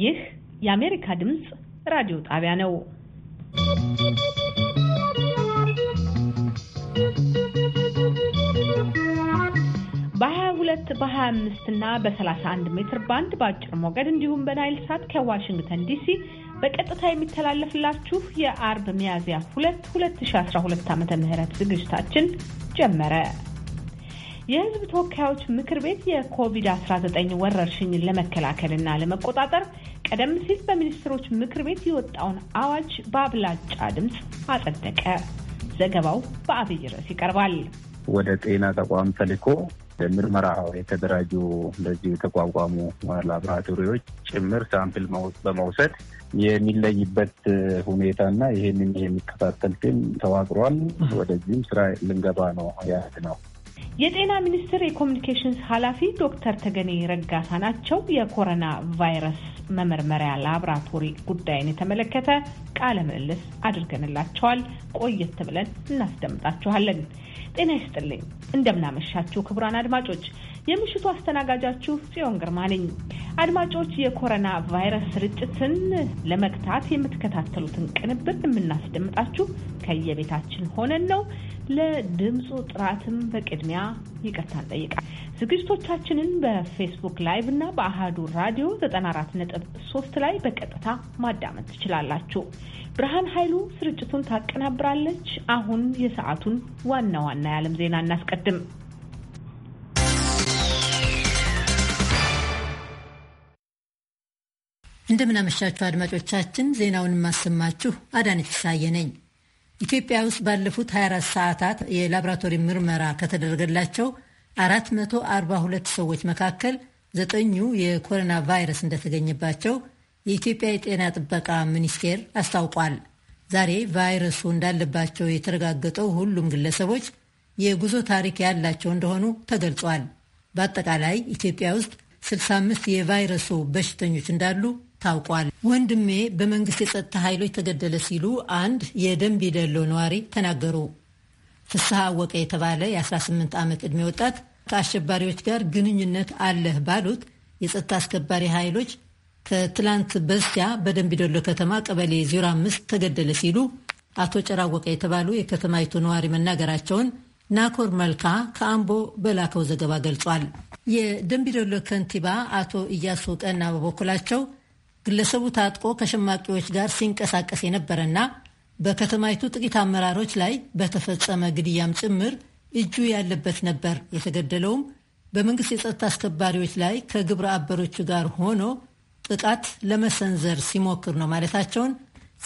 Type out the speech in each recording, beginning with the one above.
ይህ የአሜሪካ ድምፅ ራዲዮ ጣቢያ ነው። በ22 በ25 እና በ31 ሜትር ባንድ በአጭር ሞገድ እንዲሁም በናይል ሳት ከዋሽንግተን ዲሲ በቀጥታ የሚተላለፍላችሁ የአርብ ሚያዝያ 2 2012 ዓ ም ዝግጅታችን ጀመረ። የሕዝብ ተወካዮች ምክር ቤት የኮቪድ-19 ወረርሽኝን ለመከላከልና ለመቆጣጠር ቀደም ሲል በሚኒስትሮች ምክር ቤት የወጣውን አዋጅ በአብላጫ ድምፅ አጸደቀ። ዘገባው በአብይ ርዕስ ይቀርባል። ወደ ጤና ተቋም ተልኮ ምርመራ የተደራጁ እንደዚህ የተቋቋሙ ላብራቶሪዎች ጭምር ሳምፕል በመውሰድ የሚለይበት ሁኔታና ይህንን የሚከታተል ግን ተዋቅሯል። ወደዚህም ስራ ልንገባ ነው ያት ነው የጤና ሚኒስቴር የኮሚኒኬሽንስ ኃላፊ ዶክተር ተገኔ ረጋሳ ናቸው። የኮሮና ቫይረስ መመርመሪያ ላብራቶሪ ጉዳይን የተመለከተ ቃለ ምልልስ አድርገንላቸዋል። ቆየት ብለን እናስደምጣችኋለን። ጤና ይስጥልኝ፣ እንደምናመሻችሁ ክቡራን አድማጮች የምሽቱ አስተናጋጃችሁ ጽዮን ግርማ ነኝ። አድማጮች፣ የኮሮና ቫይረስ ስርጭትን ለመግታት የምትከታተሉትን ቅንብር የምናስደምጣችሁ ከየቤታችን ሆነን ነው። ለድምፁ ጥራትም በቅድሚያ ይቅርታ እንጠይቃል። ዝግጅቶቻችንን በፌስቡክ ላይቭ እና በአህዱ ራዲዮ 94.3 ላይ በቀጥታ ማዳመጥ ትችላላችሁ። ብርሃን ኃይሉ ስርጭቱን ታቀናብራለች። አሁን የሰዓቱን ዋና ዋና የዓለም ዜና እናስቀድም። እንደምናመሻችሁ አድማጮቻችን፣ ዜናውን የማሰማችሁ አዳነች ሳየ ነኝ። ኢትዮጵያ ውስጥ ባለፉት 24 ሰዓታት የላብራቶሪ ምርመራ ከተደረገላቸው 442 ሰዎች መካከል ዘጠኙ የኮሮና ቫይረስ እንደተገኘባቸው የኢትዮጵያ የጤና ጥበቃ ሚኒስቴር አስታውቋል። ዛሬ ቫይረሱ እንዳለባቸው የተረጋገጠው ሁሉም ግለሰቦች የጉዞ ታሪክ ያላቸው እንደሆኑ ተገልጿል። በአጠቃላይ ኢትዮጵያ ውስጥ 65 የቫይረሱ በሽተኞች እንዳሉ ታውቋል። ወንድሜ በመንግስት የጸጥታ ኃይሎች ተገደለ ሲሉ አንድ የደንቢ ደሎ ነዋሪ ተናገሩ። ፍስሐ አወቀ የተባለ የ18 ዓመት ዕድሜ ወጣት ከአሸባሪዎች ጋር ግንኙነት አለህ ባሉት የጸጥታ አስከባሪ ኃይሎች ከትላንት በስቲያ በደንቢ ዶሎ ከተማ ቀበሌ 05 ተገደለ ሲሉ አቶ ጨራወቀ የተባሉ የከተማይቱ ነዋሪ መናገራቸውን ናኮር መልካ ከአምቦ በላከው ዘገባ ገልጿል። የደንቢ ከንቲባ አቶ እያሱ ቀና በበኩላቸው ግለሰቡ ታጥቆ ከሸማቂዎች ጋር ሲንቀሳቀስ የነበረና በከተማይቱ ጥቂት አመራሮች ላይ በተፈጸመ ግድያም ጭምር እጁ ያለበት ነበር። የተገደለውም በመንግስት የጸጥታ አስከባሪዎች ላይ ከግብረ አበሮቹ ጋር ሆኖ ጥቃት ለመሰንዘር ሲሞክር ነው ማለታቸውን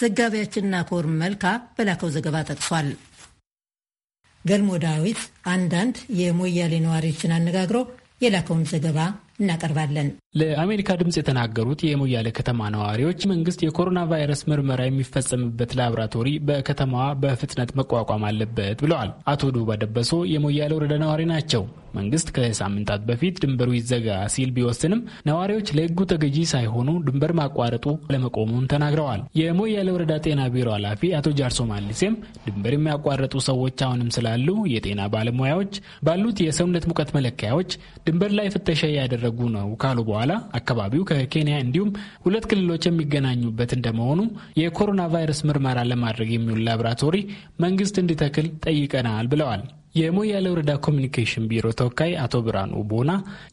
ዘጋቢያችንና ኮር መልካ በላከው ዘገባ ጠቅሷል። ገልሞ ዳዊት አንዳንድ የሞያሌ ነዋሪዎችን አነጋግሮ የላከውን ዘገባ እናቀርባለን። ለአሜሪካ ድምፅ የተናገሩት የሞያሌ ከተማ ነዋሪዎች መንግስት የኮሮና ቫይረስ ምርመራ የሚፈጸምበት ላብራቶሪ በከተማዋ በፍጥነት መቋቋም አለበት ብለዋል። አቶ ዱባ ደበሶ የሞያሌ ወረዳ ነዋሪ ናቸው። መንግስት ከሳምንታት በፊት ድንበሩ ይዘጋ ሲል ቢወስንም ነዋሪዎች ለህጉ ተገዢ ሳይሆኑ ድንበር ማቋረጡ ለመቆሙን ተናግረዋል። የሞያሌ ወረዳ ጤና ቢሮ ኃላፊ አቶ ጃርሶ ማሊሴም ድንበር የሚያቋርጡ ሰዎች አሁንም ስላሉ የጤና ባለሙያዎች ባሉት የሰውነት ሙቀት መለኪያዎች ድንበር ላይ ፍተሻ እያደረጉ ነው ካሉ በኋላ አካባቢው ከኬንያ እንዲሁም ሁለት ክልሎች የሚገናኙበት እንደመሆኑ የኮሮና ቫይረስ ምርመራ ለማድረግ የሚውል ላብራቶሪ መንግስት እንዲተክል ጠይቀናል ብለዋል። የሞያሌ ወረዳ ኮሚኒኬሽን ቢሮ ተወካይ አቶ ብርሃኑ ቦና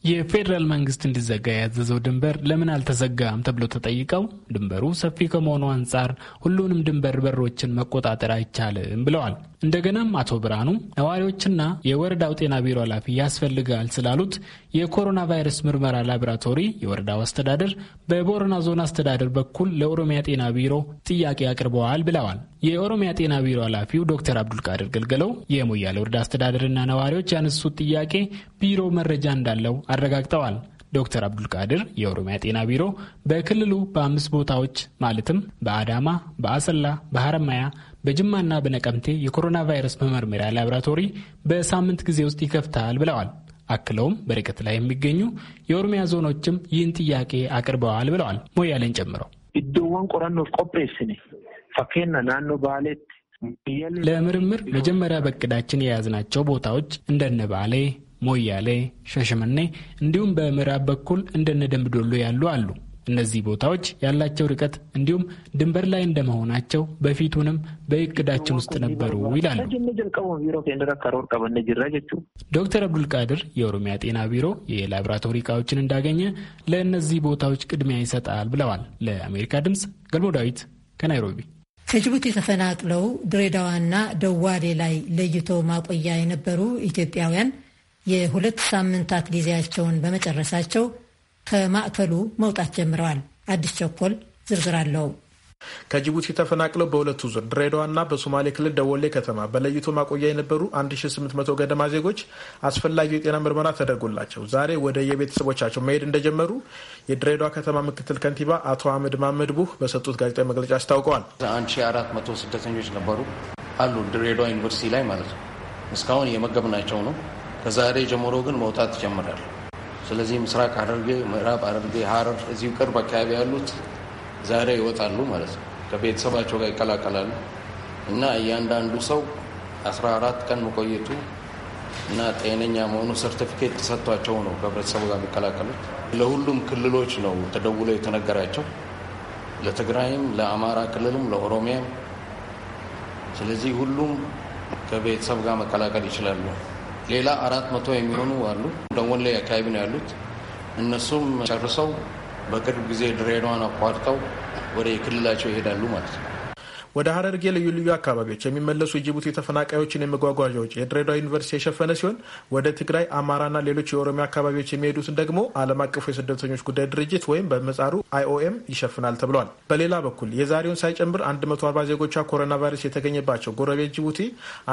የፌዴራል መንግስት እንዲዘጋ ያዘዘው ድንበር ለምን አልተዘጋም ተብሎ ተጠይቀው ድንበሩ ሰፊ ከመሆኑ አንጻር ሁሉንም ድንበር በሮችን መቆጣጠር አይቻልም ብለዋል። እንደገናም አቶ ብርሃኑ ነዋሪዎችና የወረዳው ጤና ቢሮ ኃላፊ ያስፈልጋል ስላሉት የኮሮና ቫይረስ ምርመራ ላቦራቶሪ የወረዳው አስተዳደር በቦረና ዞን አስተዳደር በኩል ለኦሮሚያ ጤና ቢሮ ጥያቄ አቅርበዋል ብለዋል። የኦሮሚያ ጤና ቢሮ ኃላፊው ዶክተር አብዱልቃድር ገልገለው የሞያሌ ወረዳ አስተዳደርና ነዋሪዎች ያነሱት ጥያቄ ቢሮ መረጃ እንዳለው አረጋግጠዋል። ዶክተር አብዱልቃድር የኦሮሚያ ጤና ቢሮ በክልሉ በአምስት ቦታዎች ማለትም በአዳማ፣ በአሰላ፣ በሐረማያ በጅማና በነቀምቴ የኮሮና ቫይረስ መመርመሪያ ላብራቶሪ በሳምንት ጊዜ ውስጥ ይከፍታል ብለዋል። አክለውም በርቀት ላይ የሚገኙ የኦሮሚያ ዞኖችም ይህን ጥያቄ አቅርበዋል ብለዋል። ሞያሌን ጨምረው ኢዶዋን ቆራኖፍ ቆፕሬስኒ ፈኬና ናኖ ባሌት ለምርምር መጀመሪያ በእቅዳችን የያዝናቸው ቦታዎች እንደነ ባሌ፣ ሞያሌ፣ ሸሽመኔ እንዲሁም በምዕራብ በኩል እንደነ ደምቢዶሎ ያሉ አሉ። እነዚህ ቦታዎች ያላቸው ርቀት እንዲሁም ድንበር ላይ እንደመሆናቸው በፊቱንም በእቅዳችን ውስጥ ነበሩ ይላሉ ዶክተር አብዱልቃድር። የኦሮሚያ ጤና ቢሮ የላብራቶሪ እቃዎችን እንዳገኘ ለእነዚህ ቦታዎች ቅድሚያ ይሰጣል ብለዋል። ለአሜሪካ ድምፅ ገልሞ ዳዊት ከናይሮቢ። ከጅቡቲ ተፈናቅለው ድሬዳዋና ደዋሌ ላይ ለይቶ ማቆያ የነበሩ ኢትዮጵያውያን የሁለት ሳምንታት ጊዜያቸውን በመጨረሳቸው ከማዕከሉ መውጣት ጀምረዋል። አዲስ ቸኮል ዝርዝር አለው። ከጅቡቲ ተፈናቅለው በሁለቱ ዙር ድሬዳዋና በሶማሌ ክልል ደወሌ ከተማ በለይቶ ማቆያ የነበሩ 1800 ገደማ ዜጎች አስፈላጊው የጤና ምርመራ ተደርጎላቸው ዛሬ ወደ የቤተሰቦቻቸው መሄድ እንደጀመሩ የድሬዳዋ ከተማ ምክትል ከንቲባ አቶ አህመድ ማመድ ቡህ በሰጡት ጋዜጣዊ መግለጫ አስታውቀዋል። 1400 ስደተኞች ነበሩ አሉ ድሬዳዋ ዩኒቨርሲቲ ላይ ማለት ነው። እስካሁን የመገብናቸው ነው። ከዛሬ ጀምሮ ግን መውጣት ጀምራል። ስለዚህ ምስራቅ አድርጌ ምዕራብ አድርጌ ሀረር እዚሁ ቅርብ አካባቢ ያሉት ዛሬ ይወጣሉ ማለት ነው። ከቤተሰባቸው ጋር ይቀላቀላሉ እና እያንዳንዱ ሰው 14 ቀን መቆየቱ እና ጤነኛ መሆኑ ሰርቲፊኬት ተሰጥቷቸው ነው ከህብረተሰቡ ጋር የሚቀላቀሉት። ለሁሉም ክልሎች ነው ተደውሎ የተነገራቸው፣ ለትግራይም፣ ለአማራ ክልልም፣ ለኦሮሚያም። ስለዚህ ሁሉም ከቤተሰብ ጋር መቀላቀል ይችላሉ። ሌላ አራት መቶ የሚሆኑ አሉ። ደንወሌ አካባቢ ነው ያሉት። እነሱም ጨርሰው በቅርብ ጊዜ ድሬዳዋን አቋርጠው ወደ የክልላቸው ይሄዳሉ ማለት ነው። ወደ ሀረርጌ ልዩ ልዩ አካባቢዎች የሚመለሱ የጅቡቲ ተፈናቃዮችን የመጓጓዣ ወጪ የድሬዳዋ ዩኒቨርሲቲ የሸፈነ ሲሆን ወደ ትግራይ፣ አማራና ሌሎች የኦሮሚያ አካባቢዎች የሚሄዱትን ደግሞ ዓለም አቀፉ የስደተኞች ጉዳይ ድርጅት ወይም በመጻሩ አይኦኤም ይሸፍናል ተብሏል። በሌላ በኩል የዛሬውን ሳይጨምር 140 ዜጎቿ ኮሮና ቫይረስ የተገኘባቸው ጎረቤት ጅቡቲ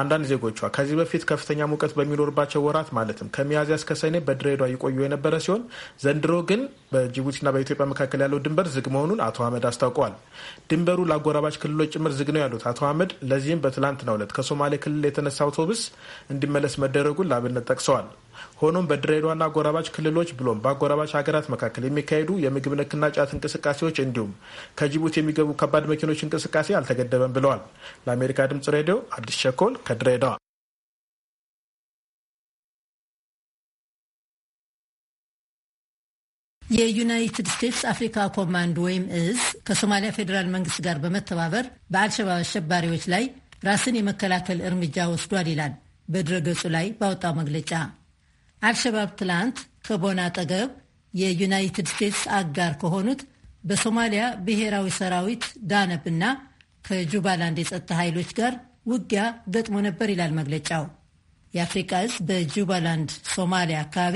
አንዳንድ ዜጎቿ ከዚህ በፊት ከፍተኛ ሙቀት በሚኖርባቸው ወራት ማለትም ከሚያዝያ እስከ ሰኔ በድሬዳዋ ይቆዩ የነበረ ሲሆን ዘንድሮ ግን በጅቡቲና በኢትዮጵያ መካከል ያለው ድንበር ዝግ መሆኑን አቶ አህመድ አስታውቀዋል። ድንበሩ ለአጎራባች ክልሎች ጭምር መስመር ዝግ ነው ያሉት አቶ አህመድ ለዚህም በትላንትናው ዕለት ከሶማሌ ክልል የተነሳ አውቶቡስ እንዲመለስ መደረጉን ለአብነት ጠቅሰዋል። ሆኖም በድሬዳዋና አጎራባች ክልሎች ብሎም በአጎራባች ሀገራት መካከል የሚካሄዱ የምግብ ነክና ጫት እንቅስቃሴዎች እንዲሁም ከጅቡቲ የሚገቡ ከባድ መኪኖች እንቅስቃሴ አልተገደበም ብለዋል። ለአሜሪካ ድምጽ ሬዲዮ አዲስ ሸኮል ከድሬዳዋ የዩናይትድ ስቴትስ አፍሪካ ኮማንድ ወይም እዝ ከሶማሊያ ፌዴራል መንግስት ጋር በመተባበር በአልሸባብ አሸባሪዎች ላይ ራስን የመከላከል እርምጃ ወስዷል ይላል በድረገጹ ላይ ባወጣው መግለጫ። አልሸባብ ትላንት ከቦና አጠገብ የዩናይትድ ስቴትስ አጋር ከሆኑት በሶማሊያ ብሔራዊ ሰራዊት ዳነብ እና ከጁባላንድ የጸጥታ ኃይሎች ጋር ውጊያ ገጥሞ ነበር ይላል መግለጫው። የአፍሪካ እዝ በጁባላንድ ሶማሊያ አካባቢ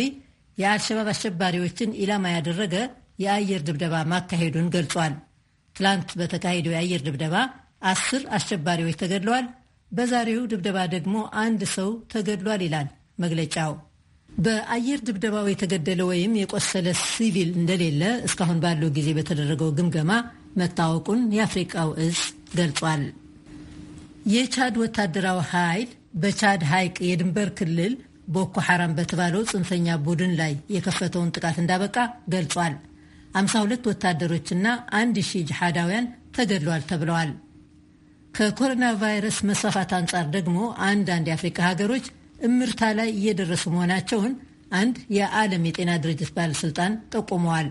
የአልሸባብ አሸባሪዎችን ኢላማ ያደረገ የአየር ድብደባ ማካሄዱን ገልጿል። ትላንት በተካሄደው የአየር ድብደባ አስር አሸባሪዎች ተገድለዋል። በዛሬው ድብደባ ደግሞ አንድ ሰው ተገድሏል ይላል መግለጫው። በአየር ድብደባው የተገደለ ወይም የቆሰለ ሲቪል እንደሌለ እስካሁን ባለው ጊዜ በተደረገው ግምገማ መታወቁን የአፍሪቃው እዝ ገልጿል። የቻድ ወታደራዊ ኃይል በቻድ ሐይቅ የድንበር ክልል ቦኮ ሐራም በተባለው ጽንፈኛ ቡድን ላይ የከፈተውን ጥቃት እንዳበቃ ገልጿል። 52 ወታደሮችና 1000 ጅሃዳውያን ተገድለዋል ተብለዋል። ከኮሮና ቫይረስ መስፋፋት አንጻር ደግሞ አንዳንድ የአፍሪካ ሀገሮች እምርታ ላይ እየደረሱ መሆናቸውን አንድ የዓለም የጤና ድርጅት ባለሥልጣን ጠቁመዋል።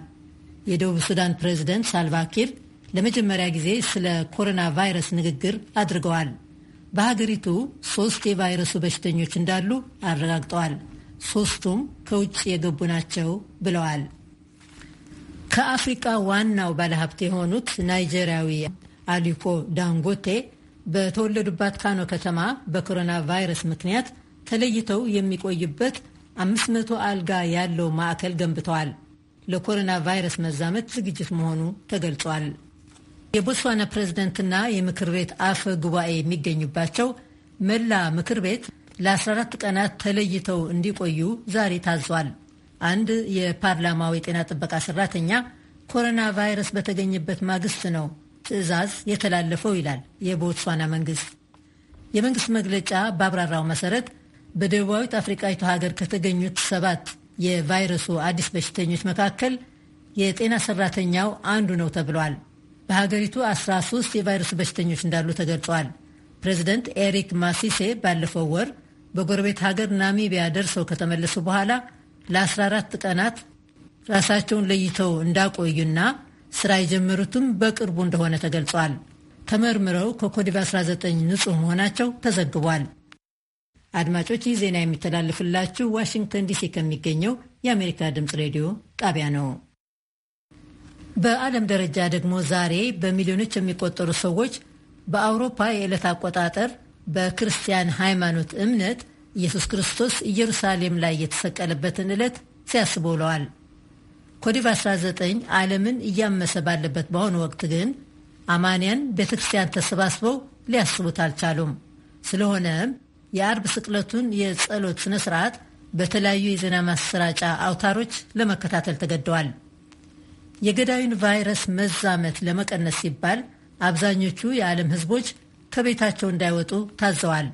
የደቡብ ሱዳን ፕሬዚደንት ሳልቫኪር ለመጀመሪያ ጊዜ ስለ ኮሮና ቫይረስ ንግግር አድርገዋል። በሀገሪቱ ሶስት የቫይረሱ በሽተኞች እንዳሉ አረጋግጠዋል። ሶስቱም ከውጭ የገቡ ናቸው ብለዋል። ከአፍሪቃ ዋናው ባለሀብት የሆኑት ናይጄሪያዊ አሊኮ ዳንጎቴ በተወለዱባት ካኖ ከተማ በኮሮና ቫይረስ ምክንያት ተለይተው የሚቆይበት 500 አልጋ ያለው ማዕከል ገንብተዋል። ለኮሮና ቫይረስ መዛመት ዝግጅት መሆኑ ተገልጿል። የቦትስዋና ፕሬዝደንትና የምክር ቤት አፈ ጉባኤ የሚገኙባቸው መላ ምክር ቤት ለ14 ቀናት ተለይተው እንዲቆዩ ዛሬ ታዟል። አንድ የፓርላማው የጤና ጥበቃ ሰራተኛ ኮሮና ቫይረስ በተገኘበት ማግስት ነው ትዕዛዝ የተላለፈው ይላል የቦትስዋና መንግስት። የመንግስት መግለጫ ባብራራው መሰረት በደቡባዊት አፍሪቃዊቱ ሀገር ከተገኙት ሰባት የቫይረሱ አዲስ በሽተኞች መካከል የጤና ሰራተኛው አንዱ ነው ተብሏል። በሀገሪቱ 13 የቫይረስ በሽተኞች እንዳሉ ተገልጿል። ፕሬዚደንት ኤሪክ ማሲሴ ባለፈው ወር በጎረቤት ሀገር ናሚቢያ ደርሰው ከተመለሱ በኋላ ለ14 ቀናት ራሳቸውን ለይተው እንዳቆዩና ስራ የጀመሩትም በቅርቡ እንደሆነ ተገልጿል። ተመርምረው ከኮዲቭ 19 ንጹህ መሆናቸው ተዘግቧል። አድማጮች ይህ ዜና የሚተላለፍላችሁ ዋሽንግተን ዲሲ ከሚገኘው የአሜሪካ ድምፅ ሬዲዮ ጣቢያ ነው። በዓለም ደረጃ ደግሞ ዛሬ በሚሊዮኖች የሚቆጠሩ ሰዎች በአውሮፓ የዕለት አቆጣጠር በክርስቲያን ሃይማኖት እምነት ኢየሱስ ክርስቶስ ኢየሩሳሌም ላይ የተሰቀለበትን ዕለት ሲያስቡ ውለዋል። ኮዲቭ 19 ዓለምን እያመሰ ባለበት በአሁኑ ወቅት ግን አማንያን ቤተ ክርስቲያን ተሰባስበው ሊያስቡት አልቻሉም። ስለሆነም የአርብ ስቅለቱን የጸሎት ስነ ስርዓት በተለያዩ የዜና ማሰራጫ አውታሮች ለመከታተል ተገደዋል። የገዳዩን ቫይረስ መዛመት ለመቀነስ ሲባል አብዛኞቹ የዓለም ሕዝቦች ከቤታቸው እንዳይወጡ ታዘዋል።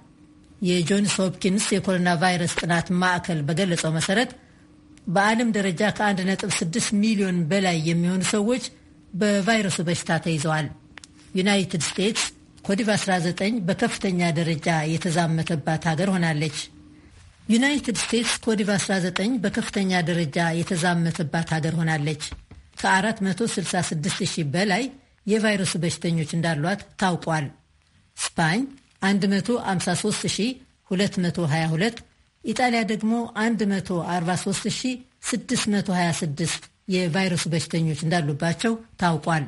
የጆንስ ሆፕኪንስ የኮሮና ቫይረስ ጥናት ማዕከል በገለጸው መሰረት በዓለም ደረጃ ከ1.6 ሚሊዮን በላይ የሚሆኑ ሰዎች በቫይረሱ በሽታ ተይዘዋል። ዩናይትድ ስቴትስ ኮቪድ-19 በከፍተኛ ደረጃ የተዛመተባት ሀገር ሆናለች። ዩናይትድ ስቴትስ ኮቪድ-19 በከፍተኛ ደረጃ የተዛመተባት ሀገር ሆናለች። ከ466 ሺህ በላይ የቫይረሱ በሽተኞች እንዳሏት ታውቋል። ስፓኝ 153222፣ ኢጣሊያ ደግሞ 143626 የቫይረሱ በሽተኞች እንዳሉባቸው ታውቋል።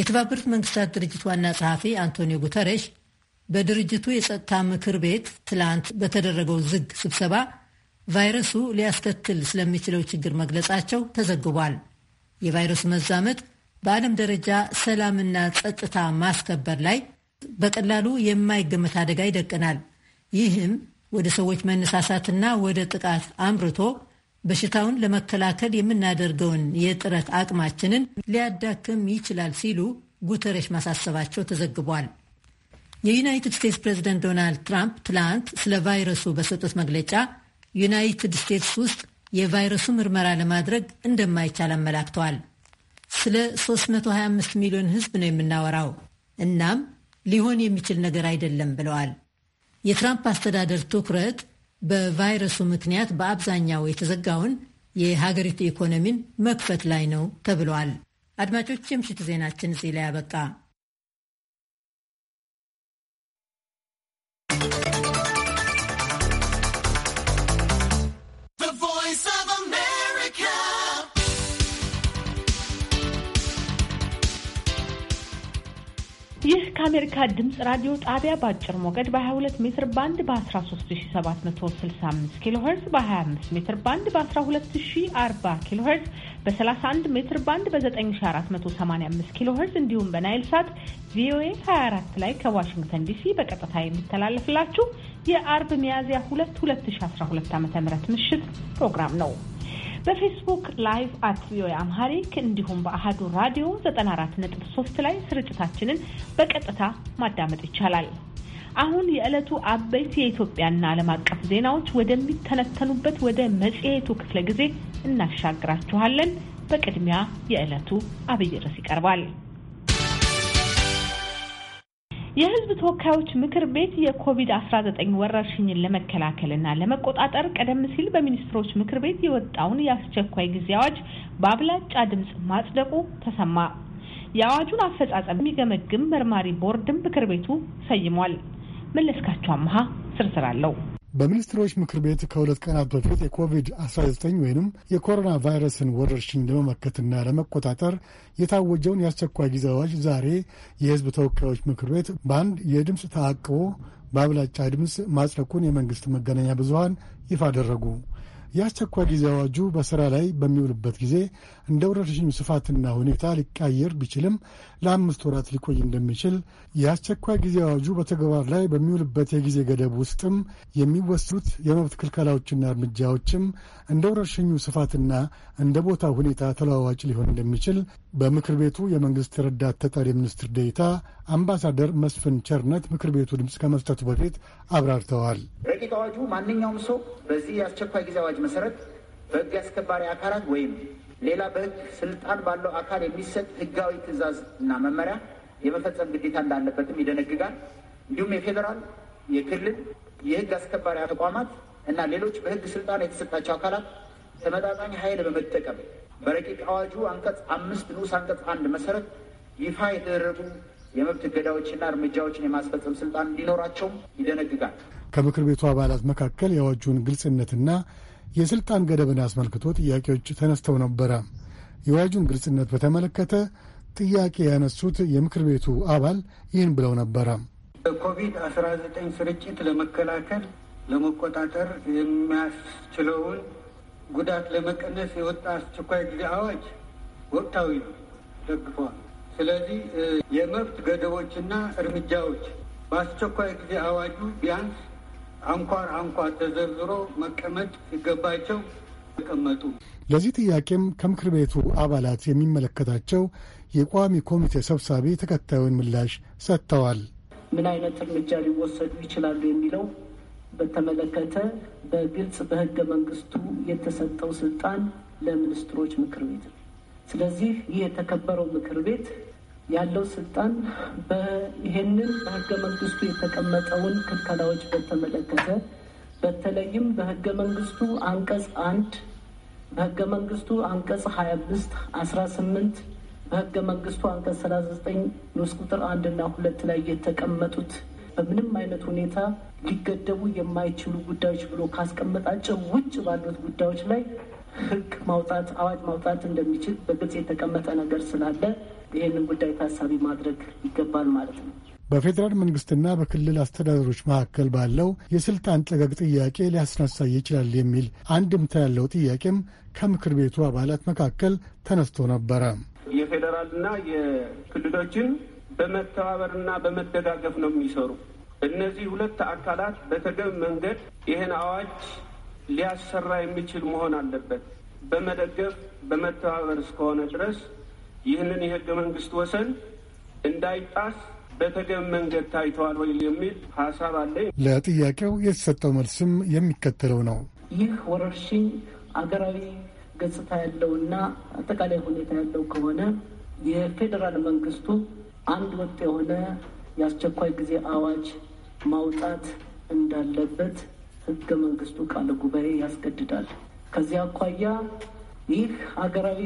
የተባበሩት መንግስታት ድርጅት ዋና ጸሐፊ አንቶኒዮ ጉተረሽ በድርጅቱ የጸጥታ ምክር ቤት ትላንት በተደረገው ዝግ ስብሰባ ቫይረሱ ሊያስከትል ስለሚችለው ችግር መግለጻቸው ተዘግቧል። የቫይረሱ መዛመት በዓለም ደረጃ ሰላምና ጸጥታ ማስከበር ላይ በቀላሉ የማይገመት አደጋ ይደቅናል። ይህም ወደ ሰዎች መነሳሳትና ወደ ጥቃት አምርቶ በሽታውን ለመከላከል የምናደርገውን የጥረት አቅማችንን ሊያዳክም ይችላል ሲሉ ጉተሬሽ ማሳሰባቸው ተዘግቧል። የዩናይትድ ስቴትስ ፕሬዝደንት ዶናልድ ትራምፕ ትላንት ስለ ቫይረሱ በሰጡት መግለጫ ዩናይትድ ስቴትስ ውስጥ የቫይረሱ ምርመራ ለማድረግ እንደማይቻል አመላክተዋል። ስለ 325 ሚሊዮን ህዝብ ነው የምናወራው፣ እናም ሊሆን የሚችል ነገር አይደለም ብለዋል። የትራምፕ አስተዳደር ትኩረት በቫይረሱ ምክንያት በአብዛኛው የተዘጋውን የሀገሪቱ ኢኮኖሚን መክፈት ላይ ነው ተብሏል። አድማጮች፣ የምሽት ዜናችን እዚህ ላይ አበቃ። ይህ ከአሜሪካ ድምፅ ራዲዮ ጣቢያ በአጭር ሞገድ በ22 ሜትር ባንድ በ13765 ኪሎ ሄርዝ በ25 ሜትር ባንድ በ1240 ኪሎ ሄርዝ በ31 ሜትር ባንድ በ9485 ኪሎ ሄርዝ እንዲሁም በናይል ሳት ቪኦኤ 24 ላይ ከዋሽንግተን ዲሲ በቀጥታ የሚተላለፍላችሁ የአርብ ሚያዝያ 2 2012 ዓ ም ምሽት ፕሮግራም ነው። በፌስቡክ ላይቭ አት ቪኦኤ አምሃሪክ እንዲሁም በአህዱ ራዲዮ 94.3 ላይ ስርጭታችንን በቀጥታ ማዳመጥ ይቻላል። አሁን የዕለቱ አበይት የኢትዮጵያና ዓለም አቀፍ ዜናዎች ወደሚተነተኑበት ወደ መጽሔቱ ክፍለ ጊዜ እናሻግራችኋለን። በቅድሚያ የዕለቱ አብይ ርዕስ ይቀርባል። የህዝብ ተወካዮች ምክር ቤት የኮቪድ-19 ወረርሽኝን ለመከላከልና ለመቆጣጠር ቀደም ሲል በሚኒስትሮች ምክር ቤት የወጣውን የአስቸኳይ ጊዜ አዋጅ በአብላጫ ድምፅ ማጽደቁ ተሰማ። የአዋጁን አፈጻጸም የሚገመግም መርማሪ ቦርድም ምክር ቤቱ ሰይሟል። መለስካቸው አምሃ ስርስር አለው። በሚኒስትሮች ምክር ቤት ከሁለት ቀናት በፊት የኮቪድ-19 ወይንም የኮሮና ቫይረስን ወረርሽኝ ለመመከትና ለመቆጣጠር የታወጀውን የአስቸኳይ ጊዜ አዋጅ ዛሬ የሕዝብ ተወካዮች ምክር ቤት በአንድ የድምፅ ተአቅቦ በአብላጫ ድምፅ ማጽደቁን የመንግሥት መገናኛ ብዙሃን ይፋ አደረጉ። የአስቸኳይ ጊዜ አዋጁ በሥራ ላይ በሚውልበት ጊዜ እንደ ወረርሽኙ ስፋትና ሁኔታ ሊቃየር ቢችልም ለአምስት ወራት ሊቆይ እንደሚችል የአስቸኳይ ጊዜ አዋጁ በተግባር ላይ በሚውልበት የጊዜ ገደብ ውስጥም የሚወስዱት የመብት ክልከላዎችና እርምጃዎችም እንደ ወረርሽኙ ስፋትና እንደ ቦታ ሁኔታ ተለዋዋጭ ሊሆን እንደሚችል በምክር ቤቱ የመንግስት ረዳት ተጠሪ ሚኒስትር ዴኤታ አምባሳደር መስፍን ቸርነት ምክር ቤቱ ድምፅ ከመስጠቱ በፊት አብራርተዋል። ረቂቅ አዋጁ ማንኛውም ሰው በዚህ የአስቸኳይ ጊዜ አዋጅ መሰረት በህግ አስከባሪ አካላት ወይም ሌላ በህግ ስልጣን ባለው አካል የሚሰጥ ህጋዊ ትዕዛዝ እና መመሪያ የመፈጸም ግዴታ እንዳለበትም ይደነግጋል። እንዲሁም የፌዴራል፣ የክልል የህግ አስከባሪ ተቋማት እና ሌሎች በህግ ስልጣን የተሰጣቸው አካላት ተመጣጣኝ ኃይል በመጠቀም በረቂቅ አዋጁ አንቀጽ አምስት ንዑስ አንቀጽ አንድ መሰረት ይፋ የተደረጉ የመብት እገዳዎችና እርምጃዎችን የማስፈጸም ስልጣን እንዲኖራቸውም ይደነግጋል። ከምክር ቤቱ አባላት መካከል የአዋጁን ግልጽነትና የስልጣን ገደብን አስመልክቶ ጥያቄዎች ተነስተው ነበረ። የዋጁን ግልጽነት በተመለከተ ጥያቄ ያነሱት የምክር ቤቱ አባል ይህን ብለው ነበረ። ኮቪድ 19 ስርጭት ለመከላከል ለመቆጣጠር የሚያስችለውን ጉዳት ለመቀነስ የወጣ አስቸኳይ ጊዜ አዋጅ ወቅታዊ ነው፣ ደግፈዋል። ስለዚህ የመብት ገደቦችና እርምጃዎች በአስቸኳይ ጊዜ አዋጁ ቢያንስ አንኳር አንኳር ተዘርዝሮ መቀመጥ ሲገባቸው ተቀመጡ። ለዚህ ጥያቄም ከምክር ቤቱ አባላት የሚመለከታቸው የቋሚ ኮሚቴ ሰብሳቢ ተከታዩን ምላሽ ሰጥተዋል። ምን አይነት እርምጃ ሊወሰዱ ይችላሉ የሚለው በተመለከተ በግልጽ በህገ መንግስቱ የተሰጠው ስልጣን ለሚኒስትሮች ምክር ቤት ነው። ስለዚህ ይህ የተከበረው ምክር ቤት ያለው ስልጣን ይህንን በህገ መንግስቱ የተቀመጠውን ክልከላዎች በተመለከተ በተለይም በህገ መንግስቱ አንቀጽ አንድ በህገ መንግስቱ አንቀጽ ሀያ አምስት አስራ ስምንት በህገ መንግስቱ አንቀጽ ሰላሳ ዘጠኝ ንዑስ ቁጥር አንድ እና ሁለት ላይ የተቀመጡት በምንም አይነት ሁኔታ ሊገደቡ የማይችሉ ጉዳዮች ብሎ ካስቀመጣቸው ውጭ ባሉት ጉዳዮች ላይ ህግ ማውጣት አዋጅ ማውጣት እንደሚችል በግልጽ የተቀመጠ ነገር ስላለ ይህንን ጉዳይ ታሳቢ ማድረግ ይገባል ማለት ነው። በፌዴራል መንግስትና በክልል አስተዳደሮች መካከል ባለው የስልጣን ጥገግ ጥያቄ ሊያስነሳ ይችላል የሚል አንድምታ ያለው ጥያቄም ከምክር ቤቱ አባላት መካከል ተነስቶ ነበረ። የፌዴራልና የክልሎችን በመተባበርና በመደጋገፍ ነው የሚሰሩ እነዚህ ሁለት አካላት በተገቢ መንገድ ይህን አዋጅ ሊያሰራ የሚችል መሆን አለበት። በመደገፍ በመተባበር እስከሆነ ድረስ ይህንን የህገ መንግስት ወሰን እንዳይጣስ በተገቢ መንገድ ታይተዋል ወይ የሚል ሀሳብ አለ ለጥያቄው የተሰጠው መልስም የሚከተለው ነው። ይህ ወረርሽኝ አገራዊ ገጽታ ያለውና አጠቃላይ ሁኔታ ያለው ከሆነ የፌዴራል መንግስቱ አንድ ወጥ የሆነ የአስቸኳይ ጊዜ አዋጅ ማውጣት እንዳለበት ህገ መንግስቱ ቃለ ጉባኤ ያስገድዳል። ከዚያ አኳያ ይህ ሀገራዊ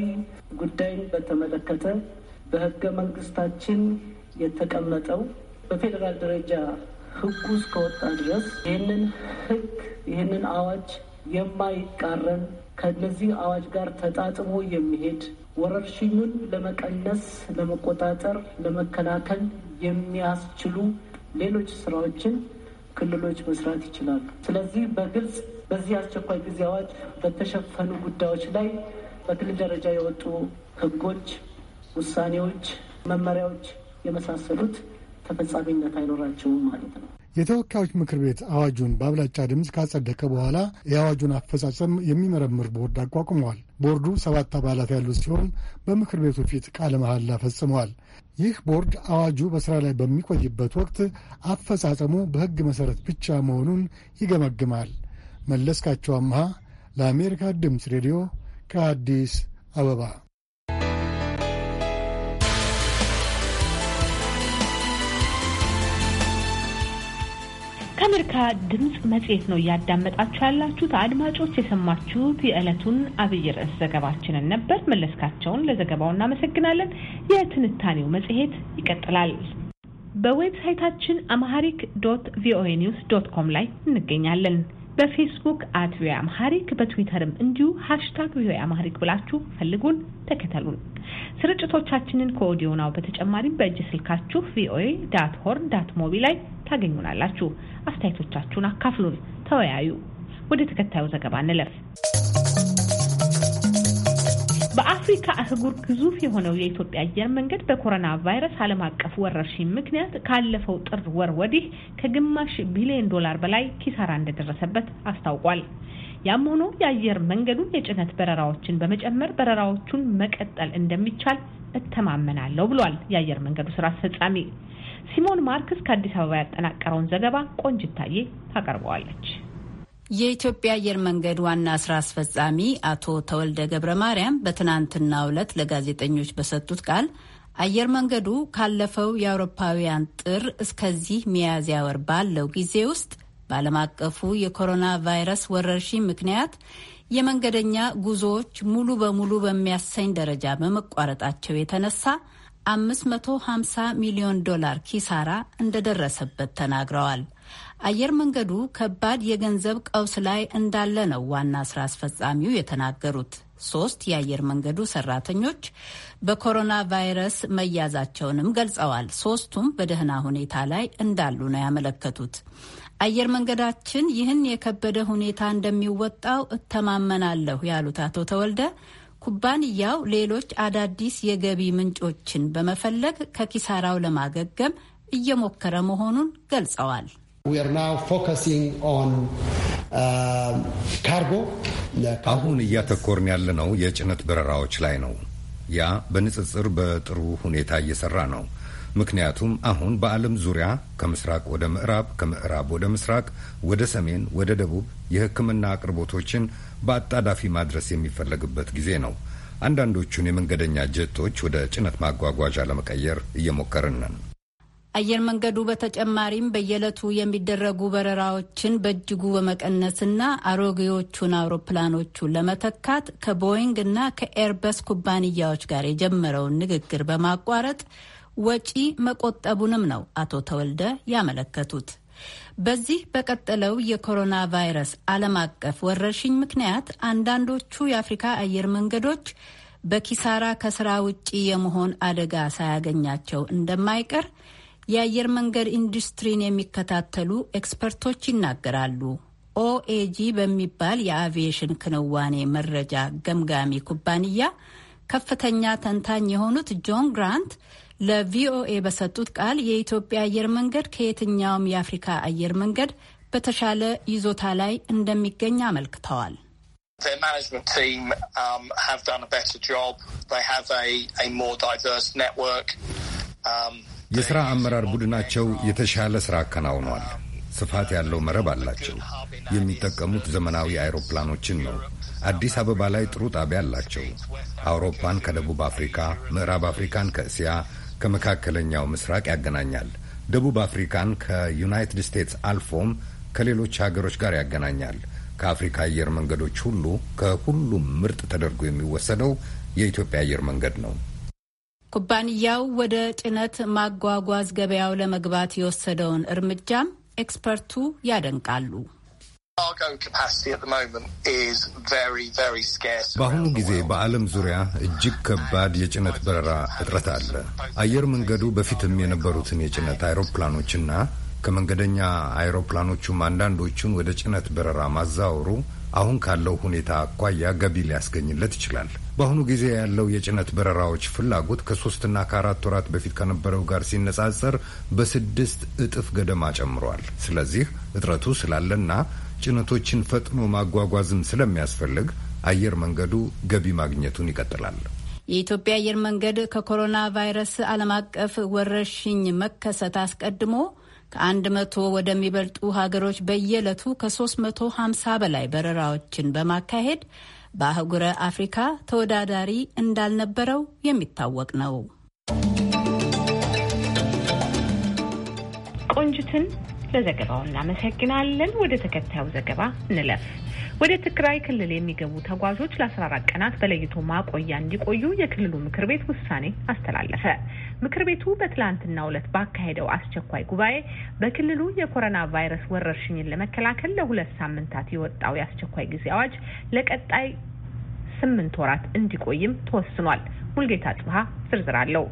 ጉዳይን በተመለከተ በህገ መንግስታችን የተቀመጠው በፌዴራል ደረጃ ህጉ እስከወጣ ድረስ ይህንን ህግ ይህንን አዋጅ የማይቃረን ከነዚህ አዋጅ ጋር ተጣጥሞ የሚሄድ ወረርሽኙን ለመቀነስ፣ ለመቆጣጠር፣ ለመከላከል የሚያስችሉ ሌሎች ስራዎችን ክልሎች መስራት ይችላሉ። ስለዚህ በግልጽ በዚህ አስቸኳይ ጊዜ አዋጅ በተሸፈኑ ጉዳዮች ላይ በክልል ደረጃ የወጡ ህጎች፣ ውሳኔዎች፣ መመሪያዎች የመሳሰሉት ተፈጻሚነት አይኖራቸውም ማለት ነው። የተወካዮች ምክር ቤት አዋጁን በአብላጫ ድምፅ ካጸደቀ በኋላ የአዋጁን አፈጻጸም የሚመረምር ቦርድ አቋቁመዋል። ቦርዱ ሰባት አባላት ያሉት ሲሆን በምክር ቤቱ ፊት ቃለ መሐላ ፈጽመዋል። ይህ ቦርድ አዋጁ በሥራ ላይ በሚቆይበት ወቅት አፈጻጸሙ በሕግ መሠረት ብቻ መሆኑን ይገመግማል። መለስካቸው አምሃ ለአሜሪካ ድምፅ ሬዲዮ ከአዲስ አበባ ከአሜሪካ ድምፅ መጽሔት ነው እያዳመጣችሁ ያላችሁት። አድማጮች የሰማችሁት የዕለቱን አብይ ርዕስ ዘገባችንን ነበር። መለስካቸውን ለዘገባው እናመሰግናለን። የትንታኔው መጽሔት ይቀጥላል። በዌብሳይታችን አማሃሪክ ዶት ቪኦኤ ኒውስ ዶት ኮም ላይ እንገኛለን። በፌስቡክ አት ቪኦኤ አምሃሪክ በትዊተርም እንዲሁ ሀሽታግ ቪኦኤ አምሃሪክ ብላችሁ ፈልጉን፣ ተከተሉን። ስርጭቶቻችንን ከኦዲዮ ናው በተጨማሪም በእጅ ስልካችሁ ቪኦኤ ዳት ሆርን ዳት ሞቢ ላይ ታገኙናላችሁ። አስተያየቶቻችሁን አካፍሉን፣ ተወያዩ። ወደ ተከታዩ ዘገባ እንለፍ። በአፍሪካ አህጉር ግዙፍ የሆነው የኢትዮጵያ አየር መንገድ በኮሮና ቫይረስ ዓለም አቀፍ ወረርሽኝ ምክንያት ካለፈው ጥር ወር ወዲህ ከግማሽ ቢሊዮን ዶላር በላይ ኪሳራ እንደደረሰበት አስታውቋል። ያም ሆኖ የአየር መንገዱን የጭነት በረራዎችን በመጨመር በረራዎቹን መቀጠል እንደሚቻል እተማመናለሁ ብሏል የአየር መንገዱ ስራ አስፈጻሚ ሲሞን ማርክስ ከአዲስ አበባ ያጠናቀረውን ዘገባ ቆንጅታዬ ታቀርበዋለች። የኢትዮጵያ አየር መንገድ ዋና ስራ አስፈጻሚ አቶ ተወልደ ገብረ ማርያም በትናንትናው ዕለት ለጋዜጠኞች በሰጡት ቃል አየር መንገዱ ካለፈው የአውሮፓውያን ጥር እስከዚህ ሚያዝያ ወር ባለው ጊዜ ውስጥ በዓለም አቀፉ የኮሮና ቫይረስ ወረርሽኝ ምክንያት የመንገደኛ ጉዞዎች ሙሉ በሙሉ በሚያሰኝ ደረጃ በመቋረጣቸው የተነሳ 550 ሚሊዮን ዶላር ኪሳራ እንደደረሰበት ተናግረዋል። አየር መንገዱ ከባድ የገንዘብ ቀውስ ላይ እንዳለ ነው ዋና ስራ አስፈጻሚው የተናገሩት። ሶስት የአየር መንገዱ ሰራተኞች በኮሮና ቫይረስ መያዛቸውንም ገልጸዋል። ሶስቱም በደህና ሁኔታ ላይ እንዳሉ ነው ያመለከቱት። አየር መንገዳችን ይህን የከበደ ሁኔታ እንደሚወጣው እተማመናለሁ ያሉት አቶ ተወልደ ኩባንያው ሌሎች አዳዲስ የገቢ ምንጮችን በመፈለግ ከኪሳራው ለማገገም እየሞከረ መሆኑን ገልጸዋል። Uh, አሁን እያተኮርን ያለነው የጭነት በረራዎች ላይ ነው። ያ በንጽጽር በጥሩ ሁኔታ እየሰራ ነው። ምክንያቱም አሁን በዓለም ዙሪያ ከምስራቅ ወደ ምዕራብ፣ ከምዕራብ ወደ ምስራቅ፣ ወደ ሰሜን፣ ወደ ደቡብ የሕክምና አቅርቦቶችን በአጣዳፊ ማድረስ የሚፈለግበት ጊዜ ነው። አንዳንዶቹን የመንገደኛ ጀቶች ወደ ጭነት ማጓጓዣ ለመቀየር እየሞከርን ነን። አየር መንገዱ በተጨማሪም በየዕለቱ የሚደረጉ በረራዎችን በእጅጉ በመቀነስና አሮጌዎቹን አውሮፕላኖቹን ለመተካት ከቦይንግ እና ከኤርበስ ኩባንያዎች ጋር የጀመረውን ንግግር በማቋረጥ ወጪ መቆጠቡንም ነው አቶ ተወልደ ያመለከቱት። በዚህ በቀጠለው የኮሮና ቫይረስ ዓለም አቀፍ ወረርሽኝ ምክንያት አንዳንዶቹ የአፍሪካ አየር መንገዶች በኪሳራ ከስራ ውጪ የመሆን አደጋ ሳያገኛቸው እንደማይቀር የአየር መንገድ ኢንዱስትሪን የሚከታተሉ ኤክስፐርቶች ይናገራሉ። ኦኤጂ በሚባል የአቪዬሽን ክንዋኔ መረጃ ገምጋሚ ኩባንያ ከፍተኛ ተንታኝ የሆኑት ጆን ግራንት ለቪኦኤ በሰጡት ቃል የኢትዮጵያ አየር መንገድ ከየትኛውም የአፍሪካ አየር መንገድ በተሻለ ይዞታ ላይ እንደሚገኝ አመልክተዋል። የሥራ አመራር ቡድናቸው የተሻለ ሥራ አከናውኗል። ስፋት ያለው መረብ አላቸው። የሚጠቀሙት ዘመናዊ አይሮፕላኖችን ነው። አዲስ አበባ ላይ ጥሩ ጣቢያ አላቸው። አውሮፓን ከደቡብ አፍሪካ፣ ምዕራብ አፍሪካን ከእስያ፣ ከመካከለኛው ምስራቅ ያገናኛል። ደቡብ አፍሪካን ከዩናይትድ ስቴትስ አልፎም ከሌሎች ሀገሮች ጋር ያገናኛል። ከአፍሪካ አየር መንገዶች ሁሉ ከሁሉም ምርጥ ተደርጎ የሚወሰደው የኢትዮጵያ አየር መንገድ ነው። ኩባንያው ወደ ጭነት ማጓጓዝ ገበያው ለመግባት የወሰደውን እርምጃም ኤክስፐርቱ ያደንቃሉ። በአሁኑ ጊዜ በዓለም ዙሪያ እጅግ ከባድ የጭነት በረራ እጥረት አለ። አየር መንገዱ በፊትም የነበሩትን የጭነት አይሮፕላኖችና ከመንገደኛ አይሮፕላኖቹም አንዳንዶቹን ወደ ጭነት በረራ ማዛወሩ አሁን ካለው ሁኔታ አኳያ ገቢ ሊያስገኝለት ይችላል። በአሁኑ ጊዜ ያለው የጭነት በረራዎች ፍላጎት ከሶስትና ከአራት ወራት በፊት ከነበረው ጋር ሲነጻጸር በስድስት እጥፍ ገደማ ጨምሯል። ስለዚህ እጥረቱ ስላለና ጭነቶችን ፈጥኖ ማጓጓዝም ስለሚያስፈልግ አየር መንገዱ ገቢ ማግኘቱን ይቀጥላል። የኢትዮጵያ አየር መንገድ ከኮሮና ቫይረስ ዓለም አቀፍ ወረርሽኝ መከሰት አስቀድሞ ከአንድ መቶ ወደሚበልጡ ሀገሮች በየዕለቱ ከ350 በላይ በረራዎችን በማካሄድ በአህጉረ አፍሪካ ተወዳዳሪ እንዳልነበረው የሚታወቅ ነው። ቆንጅትን ለዘገባው እናመሰግናለን። ወደ ተከታዩ ዘገባ እንለፍ። ወደ ትግራይ ክልል የሚገቡ ተጓዦች ለ14 ቀናት በለይቶ ማቆያ እንዲቆዩ የክልሉ ምክር ቤት ውሳኔ አስተላለፈ። ምክር ቤቱ በትላንትናው ዕለት ባካሄደው አስቸኳይ ጉባኤ በክልሉ የኮሮና ቫይረስ ወረርሽኝን ለመከላከል ለሁለት ሳምንታት የወጣው የአስቸኳይ ጊዜ አዋጅ ለቀጣይ ስምንት ወራት እንዲቆይም ተወስኗል። ሙልጌታ ጽብሃ ዝርዝር አለው።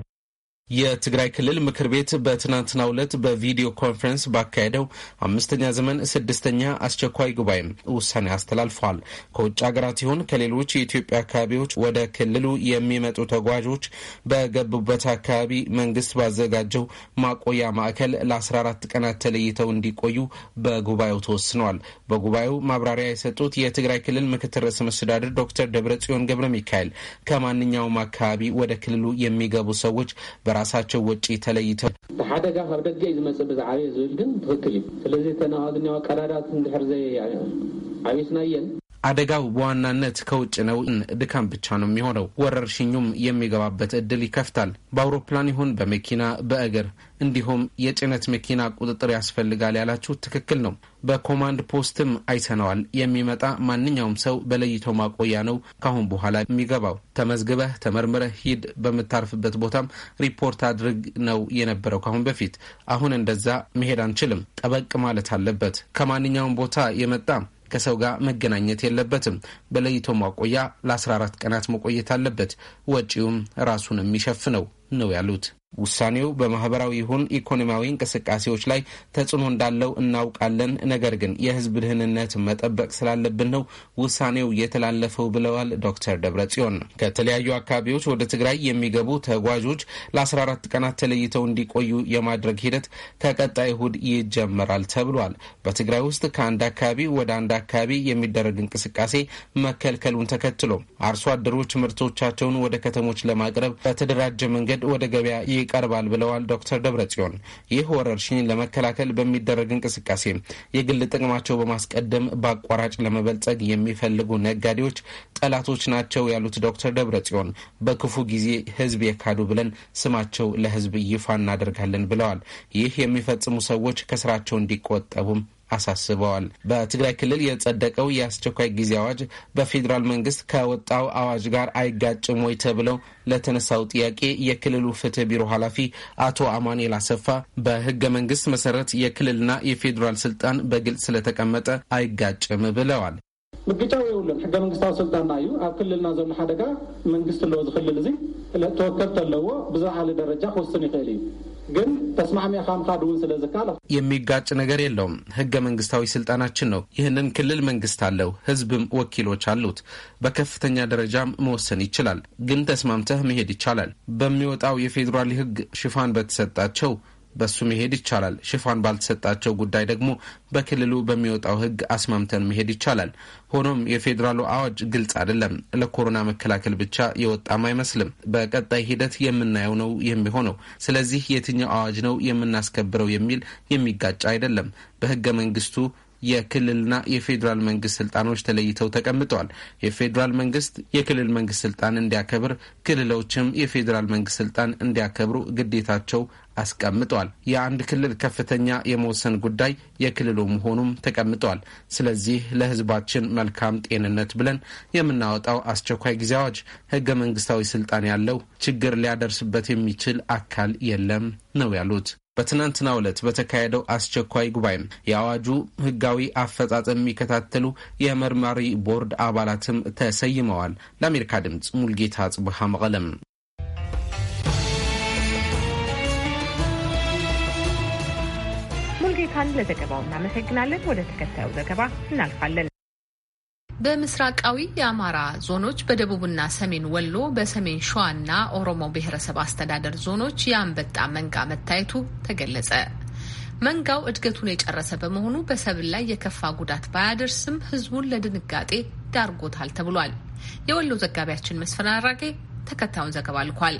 የትግራይ ክልል ምክር ቤት በትናንትናው ዕለት በቪዲዮ ኮንፈረንስ ባካሄደው አምስተኛ ዘመን ስድስተኛ አስቸኳይ ጉባኤም ውሳኔ አስተላልፏል። ከውጭ ሀገራት ይሁን ከሌሎች የኢትዮጵያ አካባቢዎች ወደ ክልሉ የሚመጡ ተጓዦች በገቡበት አካባቢ መንግስት ባዘጋጀው ማቆያ ማዕከል ለ14 ቀናት ተለይተው እንዲቆዩ በጉባኤው ተወስኗል። በጉባኤው ማብራሪያ የሰጡት የትግራይ ክልል ምክትል ርዕሰ መስተዳድር ዶክተር ደብረ ጽዮን ገብረ ሚካኤል ከማንኛውም አካባቢ ወደ ክልሉ የሚገቡ ሰዎች በራ ከራሳቸው ወጪ ተለይተው ብሓደጋ ካብ ደገ እዩ ዝመፅእ ብዛዕበየ ዝብል ግን ትክክል እዩ ስለዚ ተናዋዝኒዋ ቀዳዳት እንድሕር ዘ ዓብስና እየን አደጋው በዋናነት ከውጭ ነው። ድካም ብቻ ነው የሚሆነው። ወረርሽኙም የሚገባበት እድል ይከፍታል። በአውሮፕላን ይሁን በመኪና በእግር እንዲሁም የጭነት መኪና ቁጥጥር ያስፈልጋል ያላችሁ ትክክል ነው። በኮማንድ ፖስትም አይተነዋል። የሚመጣ ማንኛውም ሰው በለይቶ ማቆያ ነው ካሁን በኋላ የሚገባው። ተመዝግበህ ተመርምረህ ሂድ። በምታርፍበት ቦታም ሪፖርት አድርግ ነው የነበረው ካሁን በፊት። አሁን እንደዛ መሄድ አንችልም። ጠበቅ ማለት አለበት። ከማንኛውም ቦታ የመጣ ከሰው ጋር መገናኘት የለበትም። በለይቶ ማቆያ ለ14 ቀናት መቆየት አለበት። ወጪውም ራሱን የሚሸፍነው ነው ያሉት ውሳኔው በማህበራዊ ይሁን ኢኮኖሚያዊ እንቅስቃሴዎች ላይ ተጽዕኖ እንዳለው እናውቃለን። ነገር ግን የህዝብ ደህንነት መጠበቅ ስላለብን ነው ውሳኔው የተላለፈው ብለዋል ዶክተር ደብረ ጽዮን። ከተለያዩ አካባቢዎች ወደ ትግራይ የሚገቡ ተጓዦች ለ14 ቀናት ተለይተው እንዲቆዩ የማድረግ ሂደት ከቀጣይ እሁድ ይጀመራል ተብሏል። በትግራይ ውስጥ ከአንድ አካባቢ ወደ አንድ አካባቢ የሚደረግ እንቅስቃሴ መከልከሉን ተከትሎ አርሶ አደሮች ምርቶቻቸውን ወደ ከተሞች ለማቅረብ በተደራጀ መንገድ ወደ ገበያ ይቀርባል ብለዋል ዶክተር ደብረጽዮን። ይህ ወረርሽኝ ለመከላከል በሚደረግ እንቅስቃሴ የግል ጥቅማቸው በማስቀደም በአቋራጭ ለመበልጸግ የሚፈልጉ ነጋዴዎች ጠላቶች ናቸው ያሉት ዶክተር ደብረጽዮን በክፉ ጊዜ ህዝብ የካዱ ብለን ስማቸው ለህዝብ ይፋ እናደርጋለን ብለዋል። ይህ የሚፈጽሙ ሰዎች ከስራቸው እንዲቆጠቡም አሳስበዋል። በትግራይ ክልል የጸደቀው የአስቸኳይ ጊዜ አዋጅ በፌዴራል መንግስት ከወጣው አዋጅ ጋር አይጋጭም ወይ ተብለው ለተነሳው ጥያቄ የክልሉ ፍትህ ቢሮ ኃላፊ አቶ አማኑኤል አሰፋ በህገ መንግስት መሰረት የክልልና የፌዴራል ስልጣን በግልጽ ስለተቀመጠ አይጋጭም ብለዋል። ምግጫው የብሉን ሕገ መንግስታዊ ስልጣንና እዩ ኣብ ክልልና ዘሎ ሓደጋ መንግስት ኣለዎ ዝክልል እዚ ተወከልቲ ኣለዎ ብዝለዓለ ደረጃ ክወስን ይኽእል እዩ ግን ተስማሚ ካምካድ ድውን ስለዝካለ የሚጋጭ ነገር የለውም። ህገ መንግስታዊ ስልጣናችን ነው። ይህንን ክልል መንግስት አለው፣ ህዝብም ወኪሎች አሉት። በከፍተኛ ደረጃም መወሰን ይችላል። ግን ተስማምተህ መሄድ ይቻላል። በሚወጣው የፌዴራል ህግ ሽፋን በተሰጣቸው በሱ መሄድ ይቻላል። ሽፋን ባልተሰጣቸው ጉዳይ ደግሞ በክልሉ በሚወጣው ሕግ አስማምተን መሄድ ይቻላል። ሆኖም የፌዴራሉ አዋጅ ግልጽ አይደለም። ለኮሮና መከላከል ብቻ የወጣም አይመስልም። በቀጣይ ሂደት የምናየው ነው የሚሆነው። ስለዚህ የትኛው አዋጅ ነው የምናስከብረው የሚል የሚጋጭ አይደለም። በህገ መንግስቱ የክልልና የፌዴራል መንግስት ስልጣኖች ተለይተው ተቀምጠዋል። የፌዴራል መንግስት የክልል መንግስት ስልጣን እንዲያከብር፣ ክልሎችም የፌዴራል መንግስት ስልጣን እንዲያከብሩ ግዴታቸው አስቀምጠዋል። የአንድ ክልል ከፍተኛ የመወሰን ጉዳይ የክልሉ መሆኑም ተቀምጠዋል። ስለዚህ ለህዝባችን መልካም ጤንነት ብለን የምናወጣው አስቸኳይ ጊዜ አዋጅ ህገ መንግስታዊ ስልጣን ያለው ችግር ሊያደርስበት የሚችል አካል የለም ነው ያሉት። በትናንትና ዕለት በተካሄደው አስቸኳይ ጉባኤም የአዋጁ ህጋዊ አፈጻጸም የሚከታተሉ የመርማሪ ቦርድ አባላትም ተሰይመዋል። ለአሜሪካ ድምፅ ሙልጌታ ጽብሃ መቀለም። ሙልጌታን ለዘገባው እናመሰግናለን። ወደ ተከታዩ ዘገባ እናልፋለን። በምስራቃዊ የአማራ ዞኖች በደቡብና ሰሜን ወሎ በሰሜን ሸዋና ኦሮሞ ብሔረሰብ አስተዳደር ዞኖች የአንበጣ መንጋ መታየቱ ተገለጸ። መንጋው እድገቱን የጨረሰ በመሆኑ በሰብል ላይ የከፋ ጉዳት ባያደርስም ሕዝቡን ለድንጋጤ ዳርጎታል ተብሏል። የወሎ ዘጋቢያችን መስፍን አራጌ ተከታዩን ዘገባ ልኳል።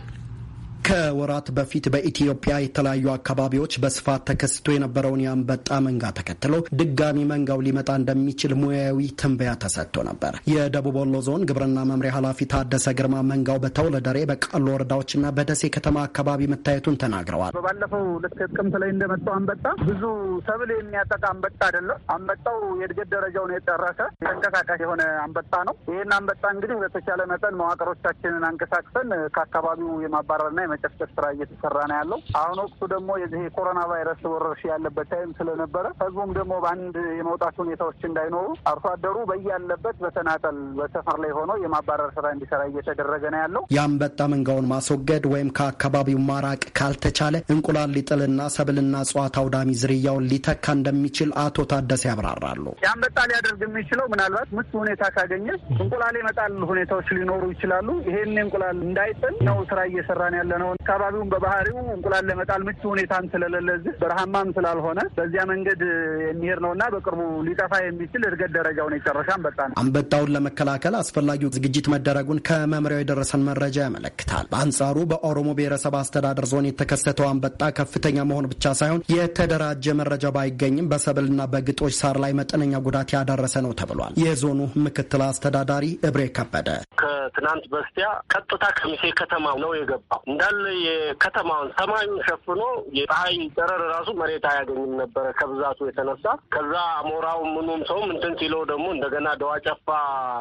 ከወራት በፊት በኢትዮጵያ የተለያዩ አካባቢዎች በስፋት ተከስቶ የነበረውን የአንበጣ መንጋ ተከትሎ ድጋሚ መንጋው ሊመጣ እንደሚችል ሙያዊ ትንበያ ተሰጥቶ ነበር። የደቡብ ወሎ ዞን ግብርና መምሪያ ኃላፊ ታደሰ ግርማ መንጋው በተውለደሬ በቃሉ ወረዳዎችና በደሴ ከተማ አካባቢ መታየቱን ተናግረዋል። በባለፈው ልክ ጥቅምት ላይ እንደመጣው አንበጣ ብዙ ሰብል የሚያጠቃ አንበጣ አይደለም። አንበጣው የእድገት ደረጃውን የጨረሰ ተንቀሳቃሽ የሆነ አንበጣ ነው። ይህን አንበጣ እንግዲህ በተቻለ መጠን መዋቅሮቻችንን አንቀሳቅሰን ከአካባቢው የማባረርና የመጨፍጨፍ ስራ እየተሰራ ነው ያለው። አሁን ወቅቱ ደግሞ የዚህ የኮሮና ቫይረስ ወረርሽ ያለበት ታይም ስለነበረ ህዝቡም ደግሞ በአንድ የመውጣት ሁኔታዎች እንዳይኖሩ አርሶ አደሩ በያለበት በተናጠል በሰፈር ላይ ሆኖ የማባረር ስራ እንዲሰራ እየተደረገ ነው ያለው። የአንበጣ መንጋውን ማስወገድ ወይም ከአካባቢው ማራቅ ካልተቻለ እንቁላል ሊጥልና ሰብልና እጽዋት አውዳሚ ዝርያውን ሊተካ እንደሚችል አቶ ታደሰ ያብራራሉ። የአንበጣ ሊያደርግ የሚችለው ምናልባት ምቹ ሁኔታ ካገኘ እንቁላል የመጣል ሁኔታዎች ሊኖሩ ይችላሉ። ይሄን እንቁላል እንዳይጥል ነው ስራ እየሰራን ያለ ነው። አካባቢውን በባህሪው እንቁላል ለመጣል ምቹ ሁኔታም ስለሌለ እዚህ በረሃማም ስላልሆነ በዚያ መንገድ የሚሄድ ነው እና በቅርቡ ሊጠፋ የሚችል እድገት ደረጃውን የጨረሻ አንበጣ ነው። አንበጣውን ለመከላከል አስፈላጊው ዝግጅት መደረጉን ከመምሪያው የደረሰን መረጃ ያመለክታል። በአንጻሩ በኦሮሞ ብሔረሰብ አስተዳደር ዞን የተከሰተው አንበጣ ከፍተኛ መሆን ብቻ ሳይሆን የተደራጀ መረጃ ባይገኝም በሰብልና በግጦሽ ሳር ላይ መጠነኛ ጉዳት ያደረሰ ነው ተብሏል። የዞኑ ምክትል አስተዳዳሪ እብሬ ከበደ ከትናንት በስቲያ ቀጥታ ከሚሴ ከተማ ነው የገባው እንደ ያህል የከተማውን ሰማዩን ሸፍኖ የፀሐይ ጨረር ራሱ መሬት አያገኝም ነበረ ከብዛቱ የተነሳ። ከዛ አሞራው ምኑም ሰውም እንትን ሲለው ደግሞ እንደገና ደዋ ጨፋ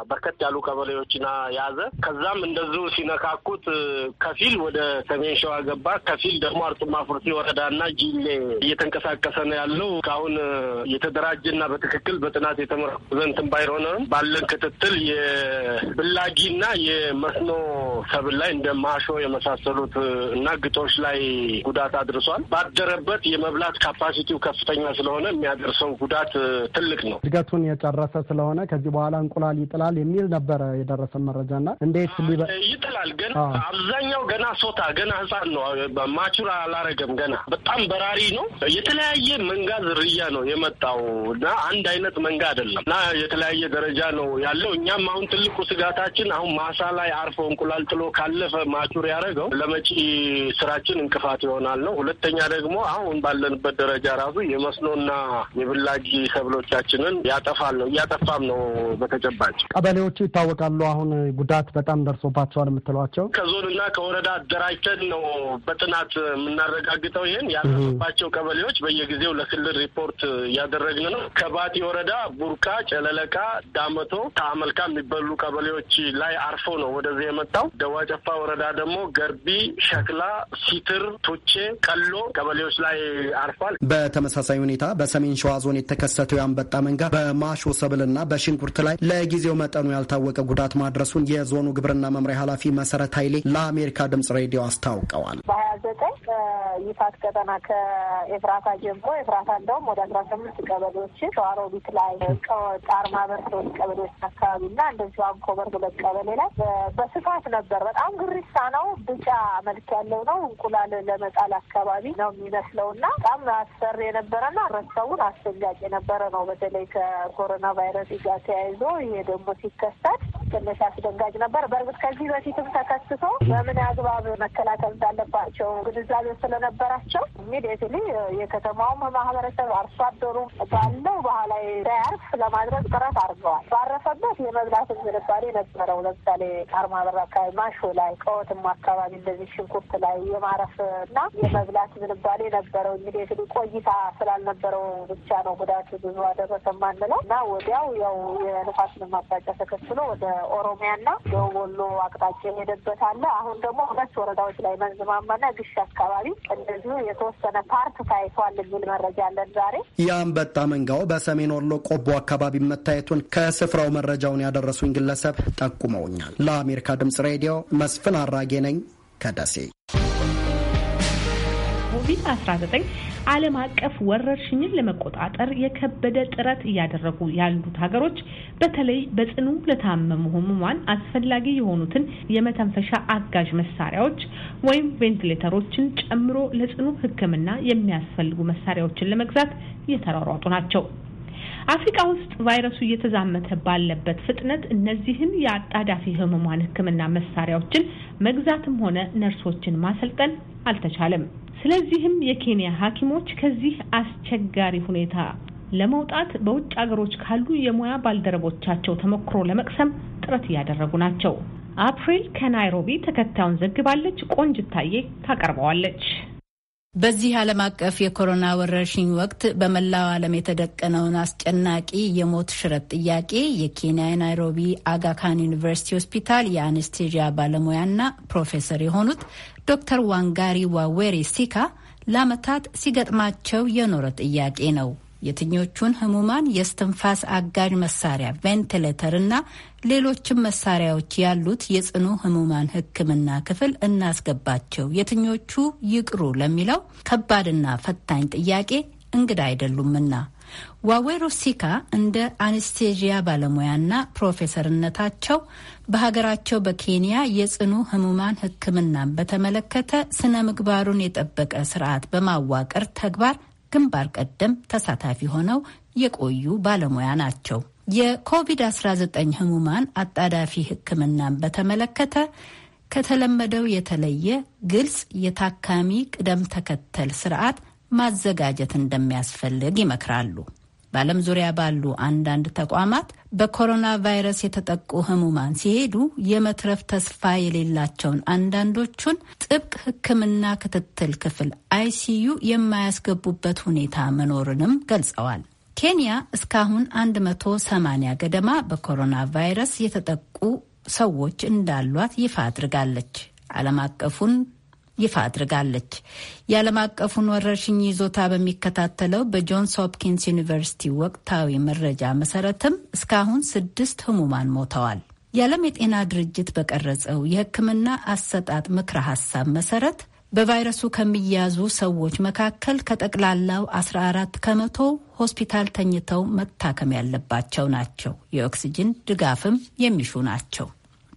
በርከት ያሉ ቀበሌዎችን ያዘ። ከዛም እንደዚሁ ሲነካኩት ከፊል ወደ ሰሜን ሸዋ ገባ፣ ከፊል ደግሞ አርጡማ ፉርሲ ወረዳና ጂሌ እየተንቀሳቀሰ ነው ያለው። እስካሁን የተደራጀና በትክክል በጥናት የተመረኮዘ እንትን ባይሆንም ባለን ክትትል የብላጊና የመስኖ ሰብል ላይ እንደ ማሾ የመሳሰሉት እና ግጦሽ ላይ ጉዳት አድርሷል። ባደረበት የመብላት ካፓሲቲው ከፍተኛ ስለሆነ የሚያደርሰው ጉዳት ትልቅ ነው። እድገቱን የጨረሰ ስለሆነ ከዚህ በኋላ እንቁላል ይጥላል የሚል ነበረ የደረሰ መረጃና እንዴት ይጥላል። ግን አብዛኛው ገና ሶታ ገና ህጻን ነው። ማቹር አላረገም። ገና በጣም በራሪ ነው። የተለያየ መንጋ ዝርያ ነው የመጣው እና አንድ አይነት መንጋ አይደለም እና የተለያየ ደረጃ ነው ያለው። እኛም አሁን ትልቁ ስጋታችን አሁን ማሳ ላይ አርፎ እንቁላል ጥሎ ካለፈ ማቹር ያደረገው ለመ ስራችን እንቅፋት ይሆናል ነው። ሁለተኛ ደግሞ አሁን ባለንበት ደረጃ ራሱ የመስኖና የብላጊ ሰብሎቻችንን ያጠፋል ነው እያጠፋም ነው። በተጨባጭ ቀበሌዎቹ ይታወቃሉ። አሁን ጉዳት በጣም ደርሶባቸዋል የምትሏቸው ከዞንና ከወረዳ አደራጅተን ነው በጥናት የምናረጋግጠው። ይህን ያለባቸው ቀበሌዎች በየጊዜው ለክልል ሪፖርት እያደረግን ነው። ከባቲ ወረዳ ቡርቃ፣ ጨለለቃ፣ ዳመቶ፣ ታመልካ የሚበሉ ቀበሌዎች ላይ አርፎ ነው ወደዚህ የመጣው። ደዋ ጨፋ ወረዳ ደግሞ ገርቢ፣ ሸክላ፣ ሲትር፣ ቶቼ፣ ቀሎ ቀበሌዎች ላይ አርፏል። በተመሳሳይ ሁኔታ በሰሜን ሸዋ ዞን የተከሰተው የአንበጣ መንጋ በማሾ ሰብልና በሽንኩርት ላይ ለጊዜው መጠኑ ያልታወቀ ጉዳት ማድረሱን የዞኑ ግብርና መምሪያ ኃላፊ መሰረት ኃይሌ ለአሜሪካ ድምጽ ሬዲዮ አስታውቀዋል። በሀያ ዘጠኝ ይፋት ቀጠና ከኤፍራታ ጀምሮ ኤፍራታ እንደውም ወደ አስራ ስምንት ቀበሌዎች ሸዋሮቢት ላይ ጣርማ በርሶች ቀበሌዎች አካባቢ እንደዚሁ አንኮበር ሁለት ቀበሌ ላይ በስፋት ነበር። በጣም ግሪሳ ነው ብጫ መልክ ያለው ነው። እንቁላል ለመጣል አካባቢ ነው የሚመስለው እና በጣም አስፈሪ የነበረና ረሰውን አስፈላጊ የነበረ ነው። በተለይ ከኮሮና ቫይረስ ጋር ተያይዞ ይሄ ደግሞ ሲከሰት ትንሽ አስደንጋጭ ነበር። በእርግጥ ከዚህ በፊትም ተከስቶ በምን አግባብ መከላከል እንዳለባቸው ግንዛቤ ስለነበራቸው ኢሚዲየትሊ የከተማውም ማህበረሰብ አርሶ አደሩ ባለው ባህላዊ ዳያርፍ ለማድረግ ጥረት አድርገዋል። ባረፈበት የመብላት ዝንባሌ ነበረው። ለምሳሌ ጣርማበር አካባቢ፣ ማሾ ላይ፣ ቀወትም አካባቢ እንደዚህ ሽንኩርት ላይ የማረፍ እና የመብላት ዝንባሌ ነበረው። እንግዲህ እንግዲህ ቆይታ ስላልነበረው ብቻ ነው ጉዳት ብዙ አደረሰ ማንለው እና ወዲያው ያው የንፋስን ማባጫ ተከትሎ ወደ ኦሮሚያና ደቡብ ወሎ አቅጣጫ የሄደበት አለ። አሁን ደግሞ ሁለት ወረዳዎች ላይ መንዝማማና ግሽ አካባቢ እንደዚሁ የተወሰነ ፓርት ታይቷል የሚል መረጃ አለን ዛሬ። የአንበጣ መንጋው በሰሜን ወሎ ቆቦ አካባቢ መታየቱን ከስፍራው መረጃውን ያደረሱኝ ግለሰብ ጠቁመውኛል። ለአሜሪካ ድምጽ ሬዲዮ መስፍን አራጌ ነኝ ከደሴ ኮቪድ-19 ዓለም አቀፍ ወረርሽኝን ለመቆጣጠር የከበደ ጥረት እያደረጉ ያሉት ሀገሮች በተለይ በጽኑ ለታመሙ ህሙማን አስፈላጊ የሆኑትን የመተንፈሻ አጋዥ መሳሪያዎች ወይም ቬንቲሌተሮችን ጨምሮ ለጽኑ ሕክምና የሚያስፈልጉ መሳሪያዎችን ለመግዛት እየተሯሯጡ ናቸው። አፍሪካ ውስጥ ቫይረሱ እየተዛመተ ባለበት ፍጥነት እነዚህን የአጣዳፊ ህመሟን ሕክምና መሳሪያዎችን መግዛትም ሆነ ነርሶችን ማሰልጠን አልተቻለም። ስለዚህም የኬንያ ሐኪሞች ከዚህ አስቸጋሪ ሁኔታ ለመውጣት በውጭ ሀገሮች ካሉ የሙያ ባልደረቦቻቸው ተሞክሮ ለመቅሰም ጥረት እያደረጉ ናቸው። አፕሪል ከናይሮቢ ተከታዩን ዘግባለች። ቆንጅታዬ ታቀርበዋለች። በዚህ ዓለም አቀፍ የኮሮና ወረርሽኝ ወቅት በመላው ዓለም የተደቀነውን አስጨናቂ የሞት ሽረት ጥያቄ የኬንያ ናይሮቢ አጋካን ዩኒቨርሲቲ ሆስፒታል የአነስቴዥያ ባለሙያና ፕሮፌሰር የሆኑት ዶክተር ዋንጋሪ ዋዌሬ ሲካ ለዓመታት ሲገጥማቸው የኖረ ጥያቄ ነው። የትኞቹን ህሙማን የስትንፋስ አጋዥ መሳሪያ ቬንቲሌተር እና ሌሎችም መሳሪያዎች ያሉት የጽኑ ህሙማን ሕክምና ክፍል እናስገባቸው፣ የትኞቹ ይቅሩ ለሚለው ከባድና ፈታኝ ጥያቄ እንግዳ አይደሉምና። ዋዌሮ ሲካ እንደ አኔስቴዥያ ባለሙያና ፕሮፌሰርነታቸው በሀገራቸው በኬንያ የጽኑ ህሙማን ሕክምናን በተመለከተ ስነ ምግባሩን የጠበቀ ስርዓት በማዋቀር ተግባር ግንባር ቀደም ተሳታፊ ሆነው የቆዩ ባለሙያ ናቸው። የኮቪድ-19 ህሙማን አጣዳፊ ሕክምናን በተመለከተ ከተለመደው የተለየ ግልጽ የታካሚ ቅደም ተከተል ስርዓት ማዘጋጀት እንደሚያስፈልግ ይመክራሉ። በዓለም ዙሪያ ባሉ አንዳንድ ተቋማት በኮሮና ቫይረስ የተጠቁ ህሙማን ሲሄዱ የመትረፍ ተስፋ የሌላቸውን አንዳንዶቹን ጥብቅ ሕክምና ክትትል ክፍል አይሲዩ የማያስገቡበት ሁኔታ መኖርንም ገልጸዋል። ኬንያ እስካሁን 180 ገደማ በኮሮና ቫይረስ የተጠቁ ሰዎች እንዳሏት ይፋ አድርጋለች። ዓለም አቀፉን ይፋ አድርጋለች። የዓለም አቀፉን ወረርሽኝ ይዞታ በሚከታተለው በጆንስ ሆፕኪንስ ዩኒቨርሲቲ ወቅታዊ መረጃ መሰረትም እስካሁን ስድስት ህሙማን ሞተዋል። የዓለም የጤና ድርጅት በቀረጸው የሕክምና አሰጣጥ ምክረ ሀሳብ መሰረት በቫይረሱ ከሚያዙ ሰዎች መካከል ከጠቅላላው 14 ከመቶ ሆስፒታል ተኝተው መታከም ያለባቸው ናቸው። የኦክስጅን ድጋፍም የሚሹ ናቸው።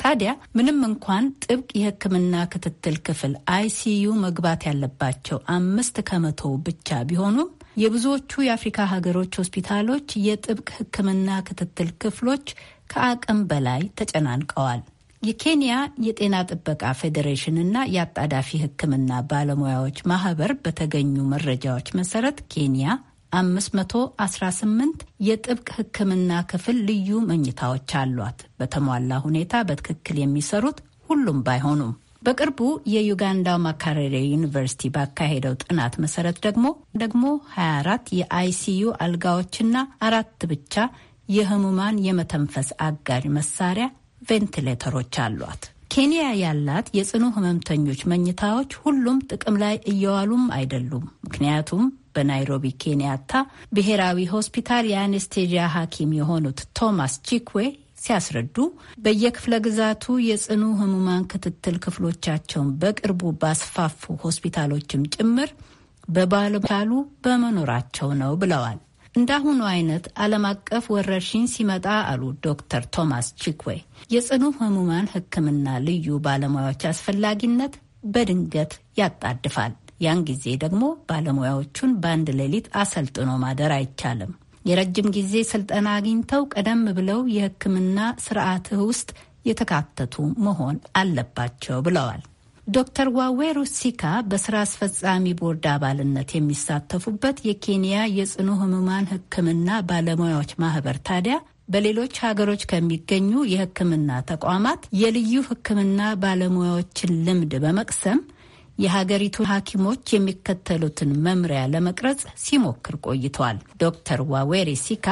ታዲያ ምንም እንኳን ጥብቅ የሕክምና ክትትል ክፍል አይሲዩ መግባት ያለባቸው አምስት ከመቶ ብቻ ቢሆኑም የብዙዎቹ የአፍሪካ ሀገሮች ሆስፒታሎች የጥብቅ ሕክምና ክትትል ክፍሎች ከአቅም በላይ ተጨናንቀዋል። የኬንያ የጤና ጥበቃ ፌዴሬሽን እና የአጣዳፊ ሕክምና ባለሙያዎች ማህበር በተገኙ መረጃዎች መሰረት ኬንያ 518 የጥብቅ ሕክምና ክፍል ልዩ መኝታዎች አሏት። በተሟላ ሁኔታ በትክክል የሚሰሩት ሁሉም ባይሆኑም በቅርቡ የዩጋንዳው ማካሬሬ ዩኒቨርሲቲ ባካሄደው ጥናት መሰረት ደግሞ ደግሞ 24 የአይሲዩ አልጋዎችና አራት ብቻ የህሙማን የመተንፈስ አጋዥ መሳሪያ ቬንቲሌተሮች አሏት። ኬንያ ያላት የጽኑ ህመምተኞች መኝታዎች ሁሉም ጥቅም ላይ እየዋሉም አይደሉም። ምክንያቱም በናይሮቢ ኬንያታ ብሔራዊ ሆስፒታል የአነስቴዥያ ሐኪም የሆኑት ቶማስ ቺክዌ ሲያስረዱ በየክፍለ ግዛቱ የጽኑ ህሙማን ክትትል ክፍሎቻቸውን በቅርቡ ባስፋፉ ሆስፒታሎችም ጭምር በባለቻሉ በመኖራቸው ነው ብለዋል። እንዳሁኑ አይነት ዓለም አቀፍ ወረርሽኝ ሲመጣ አሉ ዶክተር ቶማስ ቺክዌ የጽኑ ህሙማን ሕክምና ልዩ ባለሙያዎች አስፈላጊነት በድንገት ያጣድፋል። ያን ጊዜ ደግሞ ባለሙያዎቹን በአንድ ሌሊት አሰልጥኖ ማደር አይቻልም። የረጅም ጊዜ ስልጠና አግኝተው ቀደም ብለው የሕክምና ስርዓትህ ውስጥ የተካተቱ መሆን አለባቸው ብለዋል። ዶክተር ዋዌሩ ሲካ በስራ አስፈጻሚ ቦርድ አባልነት የሚሳተፉበት የኬንያ የጽኑ ህሙማን ሕክምና ባለሙያዎች ማህበር ታዲያ በሌሎች ሀገሮች ከሚገኙ የህክምና ተቋማት የልዩ ህክምና ባለሙያዎችን ልምድ በመቅሰም የሀገሪቱ ሐኪሞች የሚከተሉትን መምሪያ ለመቅረጽ ሲሞክር ቆይቷል። ዶክተር ዋዌሪ ሲካ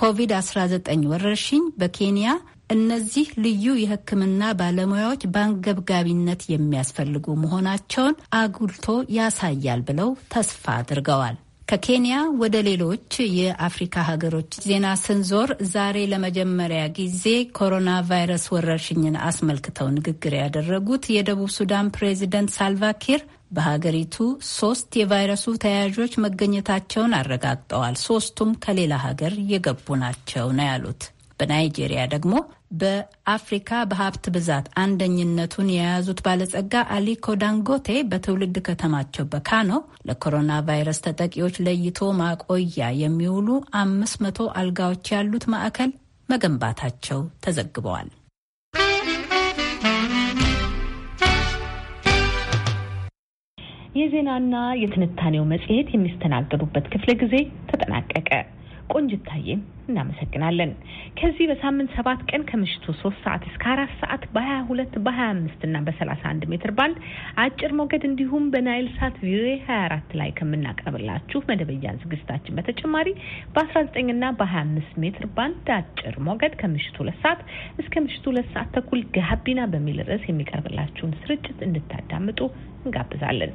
ኮቪድ-19 ወረርሽኝ በኬንያ እነዚህ ልዩ የሕክምና ባለሙያዎች በአንገብጋቢነት የሚያስፈልጉ መሆናቸውን አጉልቶ ያሳያል ብለው ተስፋ አድርገዋል። ከኬንያ ወደ ሌሎች የአፍሪካ ሀገሮች ዜና ስንዞር ዛሬ ለመጀመሪያ ጊዜ ኮሮና ቫይረስ ወረርሽኝን አስመልክተው ንግግር ያደረጉት የደቡብ ሱዳን ፕሬዚደንት ሳልቫኪር በሀገሪቱ ሶስት የቫይረሱ ተያያዦች መገኘታቸውን አረጋግጠዋል። ሶስቱም ከሌላ ሀገር የገቡ ናቸው ነው ያሉት። በናይጄሪያ ደግሞ በአፍሪካ በሀብት ብዛት አንደኝነቱን የያዙት ባለጸጋ አሊኮ ዳንጎቴ በትውልድ ከተማቸው በካኖ ለኮሮና ቫይረስ ተጠቂዎች ለይቶ ማቆያ የሚውሉ አምስት መቶ አልጋዎች ያሉት ማዕከል መገንባታቸው ተዘግበዋል። የዜናና የትንታኔው መጽሔት የሚስተናገዱበት ክፍለ ጊዜ ተጠናቀቀ። ቆንጅታዬን እናመሰግናለን። ከዚህ በሳምንት ሰባት ቀን ከምሽቱ ሶስት ሰዓት እስከ አራት ሰዓት በሀያ ሁለት በሀያ አምስት እና በሰላሳ አንድ ሜትር ባንድ አጭር ሞገድ እንዲሁም በናይል ሳት ቪኦኤ ሀያ አራት ላይ ከምናቀርብላችሁ መደበኛ ዝግጅታችን በተጨማሪ በአስራ ዘጠኝ እና በሀያ አምስት ሜትር ባንድ አጭር ሞገድ ከምሽቱ ሁለት ሰዓት እስከ ምሽቱ ሁለት ሰዓት ተኩል ጋቢና በሚል ርዕስ የሚቀርብላችሁን ስርጭት እንድታዳምጡ እንጋብዛለን።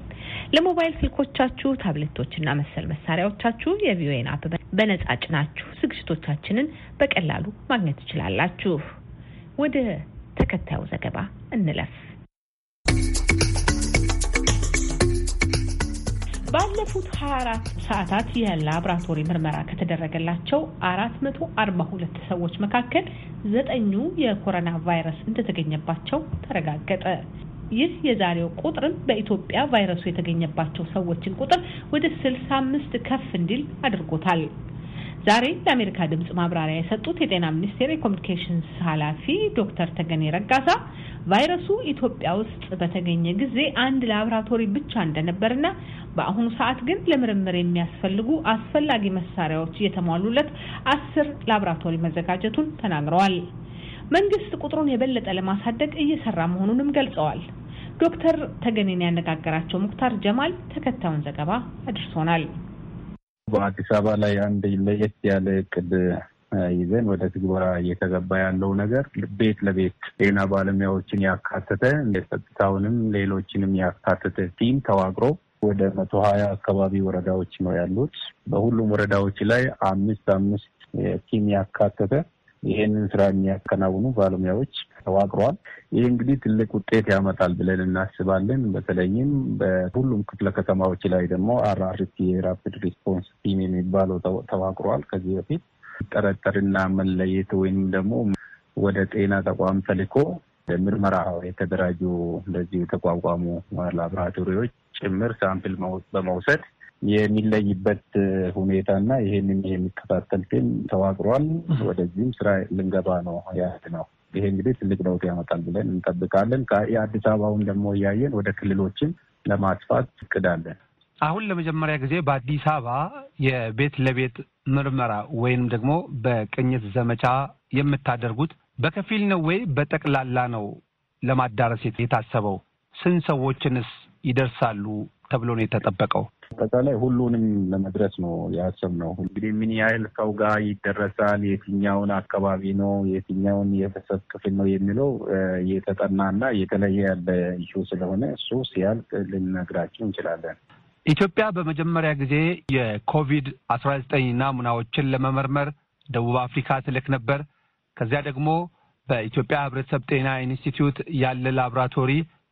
ለሞባይል ስልኮቻችሁ ታብሌቶችና መሰል መሳሪያዎቻችሁ የቪኦኤን አፕ በነጻ ጭናችሁ ዝግጅቶቻችንን በቀላሉ ማግኘት ትችላላችሁ። ወደ ተከታዩ ዘገባ እንለፍ። ባለፉት 24 ሰዓታት የላብራቶሪ ምርመራ ከተደረገላቸው 442 ሰዎች መካከል ዘጠኙ የኮሮና ቫይረስ እንደተገኘባቸው ተረጋገጠ። ይህ የዛሬው ቁጥርም በኢትዮጵያ ቫይረሱ የተገኘባቸው ሰዎችን ቁጥር ወደ ስልሳ አምስት ከፍ እንዲል አድርጎታል። ዛሬ ለአሜሪካ ድምጽ ማብራሪያ የሰጡት የጤና ሚኒስቴር የኮሚኒኬሽንስ ኃላፊ ዶክተር ተገኔ ረጋሳ ቫይረሱ ኢትዮጵያ ውስጥ በተገኘ ጊዜ አንድ ላብራቶሪ ብቻ እንደነበርና በአሁኑ ሰዓት ግን ለምርምር የሚያስፈልጉ አስፈላጊ መሳሪያዎች እየተሟሉለት አስር ላብራቶሪ መዘጋጀቱን ተናግረዋል። መንግስት ቁጥሩን የበለጠ ለማሳደግ እየሰራ መሆኑንም ገልጸዋል። ዶክተር ተገኔን ያነጋገራቸው ሙክታር ጀማል ተከታዩን ዘገባ አድርሶናል። በአዲስ አበባ ላይ አንድ ለየት ያለ እቅድ ይዘን ወደ ትግበራ እየተገባ ያለው ነገር ቤት ለቤት ጤና ባለሙያዎችን ያካተተ የጸጥታውንም ሌሎችንም ያካተተ ቲም ተዋቅሮ ወደ መቶ ሀያ አካባቢ ወረዳዎች ነው ያሉት። በሁሉም ወረዳዎች ላይ አምስት አምስት ቲም ያካተተ ይሄንን ስራ የሚያከናውኑ ባለሙያዎች ተዋቅረዋል። ይህ እንግዲህ ትልቅ ውጤት ያመጣል ብለን እናስባለን። በተለይም በሁሉም ክፍለ ከተማዎች ላይ ደግሞ አርአርቲ የራፒድ ሪስፖንስ ቲም የሚባለው ተዋቅሯል። ከዚህ በፊት ጠረጠርና መለየት ወይም ደግሞ ወደ ጤና ተቋም ተልኮ ምርመራ የተደራጁ እንደዚሁ የተቋቋሙ ላብራቶሪዎች ጭምር ሳምፕል በመውሰድ የሚለይበት ሁኔታና ይህንን የሚከታተል ቲም ተዋቅሯል። ወደዚህም ስራ ልንገባ ነው ያህል ነው። ይሄ እንግዲህ ትልቅ ለውጥ ያመጣል ብለን እንጠብቃለን። የአዲስ አበባውን ደግሞ እያየን ወደ ክልሎችን ለማስፋት እቅዳለን። አሁን ለመጀመሪያ ጊዜ በአዲስ አበባ የቤት ለቤት ምርመራ ወይም ደግሞ በቅኝት ዘመቻ የምታደርጉት በከፊል ነው ወይ በጠቅላላ ነው ለማዳረስ የታሰበው? ስንት ሰዎችንስ ይደርሳሉ ተብሎ ነው የተጠበቀው? አጠቃላይ ሁሉንም ለመድረስ ነው ያሰብነው። እንግዲህ ምን ያህል ሰው ጋር ይደረሳል፣ የትኛውን አካባቢ ነው፣ የትኛውን የህብረተሰብ ክፍል ነው የሚለው የተጠናና እየተለየ ያለ ይሹ ስለሆነ እሱ ሲያልቅ ልንነግራቸው እንችላለን። ኢትዮጵያ በመጀመሪያ ጊዜ የኮቪድ አስራ ዘጠኝ ናሙናዎችን ለመመርመር ደቡብ አፍሪካ ትልክ ነበር። ከዚያ ደግሞ በኢትዮጵያ ህብረተሰብ ጤና ኢንስቲትዩት ያለ ላቦራቶሪ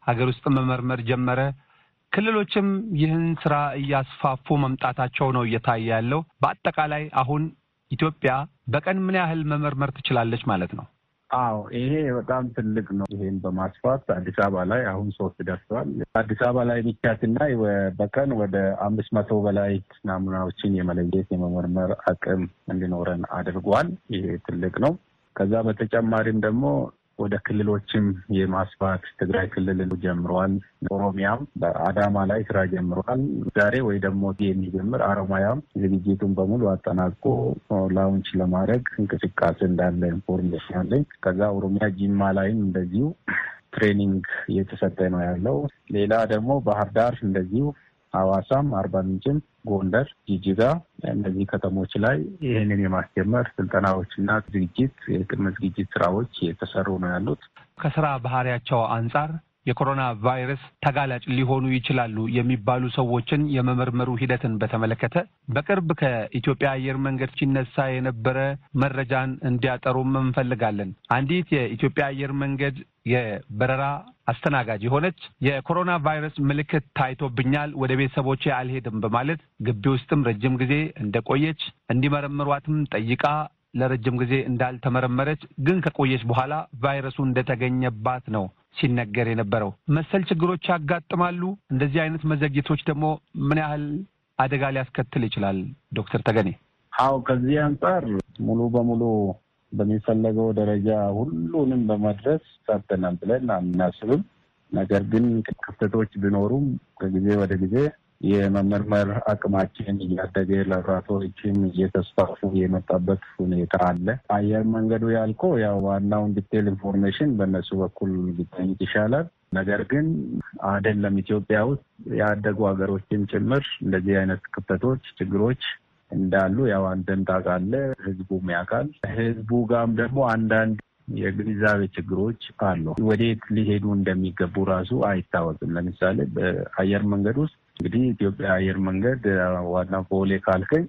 ሀገር ውስጥ መመርመር ጀመረ። ክልሎችም ይህን ስራ እያስፋፉ መምጣታቸው ነው እየታየ ያለው። በአጠቃላይ አሁን ኢትዮጵያ በቀን ምን ያህል መመርመር ትችላለች ማለት ነው? አዎ ይሄ በጣም ትልቅ ነው። ይሄን በማስፋት አዲስ አበባ ላይ አሁን ሶስት ደርሰዋል። አዲስ አበባ ላይ ብቻ ስናይ በቀን ወደ አምስት መቶ በላይ ናሙናዎችን የመለየት የመመርመር አቅም እንዲኖረን አድርጓል። ይሄ ትልቅ ነው። ከዛ በተጨማሪም ደግሞ ወደ ክልሎችም የማስፋት ትግራይ ክልል ጀምረዋል። ኦሮሚያም በአዳማ ላይ ስራ ጀምረዋል። ዛሬ ወይ ደግሞ የሚጀምር አሮማያም ዝግጅቱን በሙሉ አጠናቆ ላውንች ለማድረግ እንቅስቃሴ እንዳለ ኢንፎርሜሽን አለኝ። ከዛ ኦሮሚያ ጂማ ላይም እንደዚሁ ትሬኒንግ እየተሰጠ ነው ያለው። ሌላ ደግሞ ባህር ዳር እንደዚሁ ሐዋሳም አርባ ምንጭም ጎንደር፣ ጅጅጋ እነዚህ ከተሞች ላይ ይህንን የማስጀመር ስልጠናዎችና ዝግጅት የቅድመ ዝግጅት ስራዎች የተሰሩ ነው ያሉት። ከስራ ባህሪያቸው አንጻር የኮሮና ቫይረስ ተጋላጭ ሊሆኑ ይችላሉ የሚባሉ ሰዎችን የመመርመሩ ሂደትን በተመለከተ በቅርብ ከኢትዮጵያ አየር መንገድ ሲነሳ የነበረ መረጃን እንዲያጠሩም እንፈልጋለን። አንዲት የኢትዮጵያ አየር መንገድ የበረራ አስተናጋጅ የሆነች የኮሮና ቫይረስ ምልክት ታይቶብኛል፣ ወደ ቤተሰቦቼ አልሄድም በማለት ግቢ ውስጥም ረጅም ጊዜ እንደቆየች እንዲመረምሯትም ጠይቃ ለረጅም ጊዜ እንዳልተመረመረች ግን ከቆየች በኋላ ቫይረሱ እንደተገኘባት ነው ሲነገር የነበረው። መሰል ችግሮች ያጋጥማሉ። እንደዚህ አይነት መዘግየቶች ደግሞ ምን ያህል አደጋ ሊያስከትል ይችላል? ዶክተር ተገኔ አው ከዚህ አንጻር ሙሉ በሙሉ በሚፈለገው ደረጃ ሁሉንም በመድረስ ሰርተናል ብለን አናስብም። ነገር ግን ክፍተቶች ቢኖሩም ከጊዜ ወደ ጊዜ የመመርመር አቅማችን እያደገ ላብራቶሪዎችም እየተስፋፉ የመጣበት ሁኔታ አለ። አየር መንገዱ ያልኮ ያው ዋናውን ዲቴል ኢንፎርሜሽን በእነሱ በኩል ሊገኝት ይሻላል። ነገር ግን አይደለም ኢትዮጵያ ውስጥ ያደጉ ሀገሮችም ጭምር እንደዚህ አይነት ክፍተቶች፣ ችግሮች እንዳሉ ያው አንተም ታውቃለህ፣ ህዝቡም ያውቃል። ህዝቡ ጋም ደግሞ አንዳንድ የግንዛቤ ችግሮች አሉ። ወዴት ሊሄዱ እንደሚገቡ ራሱ አይታወቅም። ለምሳሌ በአየር መንገድ ውስጥ እንግዲህ ኢትዮጵያ አየር መንገድ ዋና ቦሌ ካልከኝ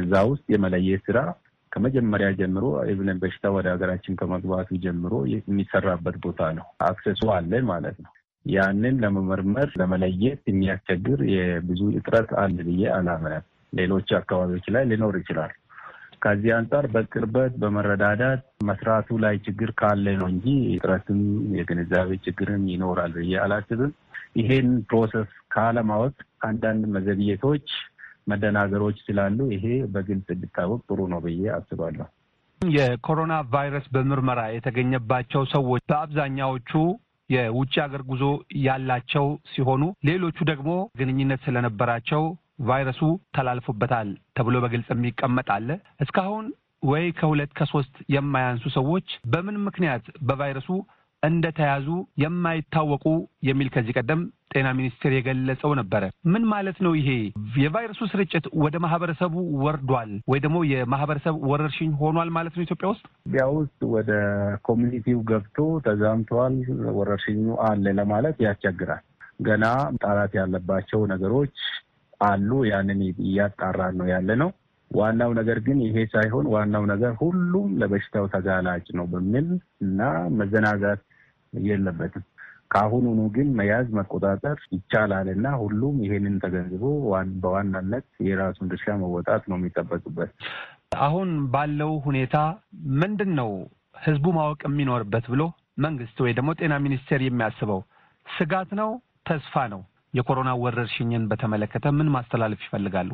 እዛ ውስጥ የመለየት ስራ ከመጀመሪያ ጀምሮ ኢብን በሽታ ወደ ሀገራችን ከመግባቱ ጀምሮ የሚሰራበት ቦታ ነው። አክሰሱ አለ ማለት ነው። ያንን ለመመርመር ለመለየት የሚያስቸግር የብዙ እጥረት አለ ብዬ አላምንም። ሌሎች አካባቢዎች ላይ ሊኖር ይችላል። ከዚህ አንጻር በቅርበት በመረዳዳት መስራቱ ላይ ችግር ካለ ነው እንጂ እጥረትም የግንዛቤ ችግርም ይኖራል ብዬ አላስብም። ይሄን ፕሮሰስ ካለማወቅ አንዳንድ መዘግየቶች፣ መደናገሮች ስላሉ ይሄ በግልጽ እንዲታወቅ ጥሩ ነው ብዬ አስባለሁ። የኮሮና ቫይረስ በምርመራ የተገኘባቸው ሰዎች በአብዛኛዎቹ የውጭ ሀገር ጉዞ ያላቸው ሲሆኑ ሌሎቹ ደግሞ ግንኙነት ስለነበራቸው ቫይረሱ ተላልፎበታል ተብሎ በግልጽ የሚቀመጥ አለ። እስካሁን ወይ ከሁለት ከሶስት የማያንሱ ሰዎች በምን ምክንያት በቫይረሱ እንደተያዙ የማይታወቁ የሚል ከዚህ ቀደም ጤና ሚኒስቴር የገለጸው ነበረ። ምን ማለት ነው ይሄ? የቫይረሱ ስርጭት ወደ ማህበረሰቡ ወርዷል ወይ ደግሞ የማህበረሰብ ወረርሽኝ ሆኗል ማለት ነው? ኢትዮጵያ ውስጥ ኢትዮጵያ ውስጥ ወደ ኮሚኒቲው ገብቶ ተዛምተዋል፣ ወረርሽኙ አለ ለማለት ያስቸግራል። ገና ጣራት ያለባቸው ነገሮች አሉ። ያንን እያጣራን ነው ያለ ነው። ዋናው ነገር ግን ይሄ ሳይሆን ዋናው ነገር ሁሉም ለበሽታው ተጋላጭ ነው በሚል እና መዘናጋት የለበትም። ከአሁኑኑ ግን መያዝ መቆጣጠር ይቻላል እና ሁሉም ይሄንን ተገንዝቦ በዋናነት የራሱን ድርሻ መወጣት ነው የሚጠበቅበት። አሁን ባለው ሁኔታ ምንድን ነው ህዝቡ ማወቅ የሚኖርበት ብሎ መንግስት ወይ ደግሞ ጤና ሚኒስቴር የሚያስበው ስጋት ነው ተስፋ ነው? የኮሮና ወረርሽኝን በተመለከተ ምን ማስተላለፍ ይፈልጋሉ?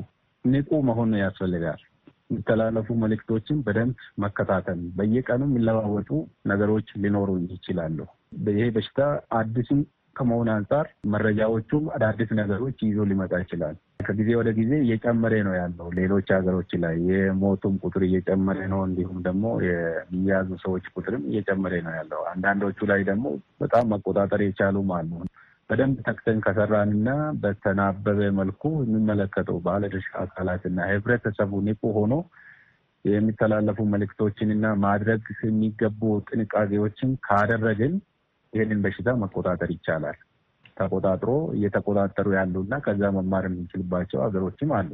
ንቁ መሆን ያስፈልጋል። የሚተላለፉ መልእክቶችን በደንብ መከታተል፣ በየቀኑ የሚለዋወጡ ነገሮች ሊኖሩ ይችላሉ። ይሄ በሽታ አዲስም ከመሆን አንጻር መረጃዎቹም አዳዲስ ነገሮች ይዞ ሊመጣ ይችላል። ከጊዜ ወደ ጊዜ እየጨመረ ነው ያለው። ሌሎች ሀገሮች ላይ የሞቱም ቁጥር እየጨመረ ነው፣ እንዲሁም ደግሞ የሚያዙ ሰዎች ቁጥርም እየጨመረ ነው ያለው። አንዳንዶቹ ላይ ደግሞ በጣም መቆጣጠር የቻሉም አሉ። በደንብ ተክተን ከሰራንና በተናበበ መልኩ የሚመለከተው ባለድርሻ አካላትና ህብረተሰቡ ንቁ ሆኖ የሚተላለፉ መልእክቶችንና ማድረግ የሚገቡ ጥንቃቄዎችን ካደረግን ይህንን በሽታ መቆጣጠር ይቻላል። ተቆጣጥሮ እየተቆጣጠሩ ያሉና ከዛ መማር የምንችልባቸው ሀገሮችም አሉ።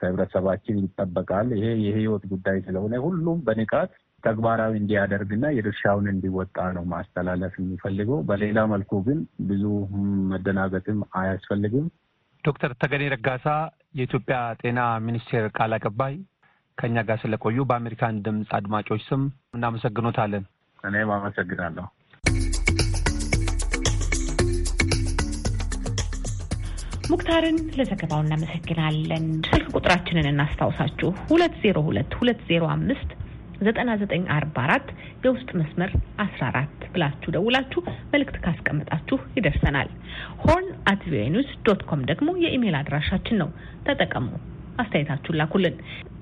ከህብረተሰባችን ይጠበቃል። ይሄ የህይወት ጉዳይ ስለሆነ ሁሉም በንቃት ተግባራዊ እንዲያደርግና የድርሻውን እንዲወጣ ነው ማስተላለፍ የሚፈልገው። በሌላ መልኩ ግን ብዙ መደናገጥም አያስፈልግም። ዶክተር ተገኔ ረጋሳ የኢትዮጵያ ጤና ሚኒስቴር ቃል አቀባይ ከእኛ ጋር ስለቆዩ በአሜሪካን ድምፅ አድማጮች ስም እናመሰግኖታለን። እኔም አመሰግናለሁ። ሙክታርን ለዘገባው እናመሰግናለን። ስልክ ቁጥራችንን እናስታውሳችሁ ሁለት ዜሮ ሁለት ሁለት ዜሮ አምስት 9944 የውስጥ መስመር 14 ብላችሁ ደውላችሁ መልእክት ካስቀመጣችሁ ይደርሰናል። ሆርን አት ቪኦኤ ኒውስ ዶት ኮም ደግሞ የኢሜይል አድራሻችን ነው። ተጠቀሙ። አስተያየታችሁን ላኩልን።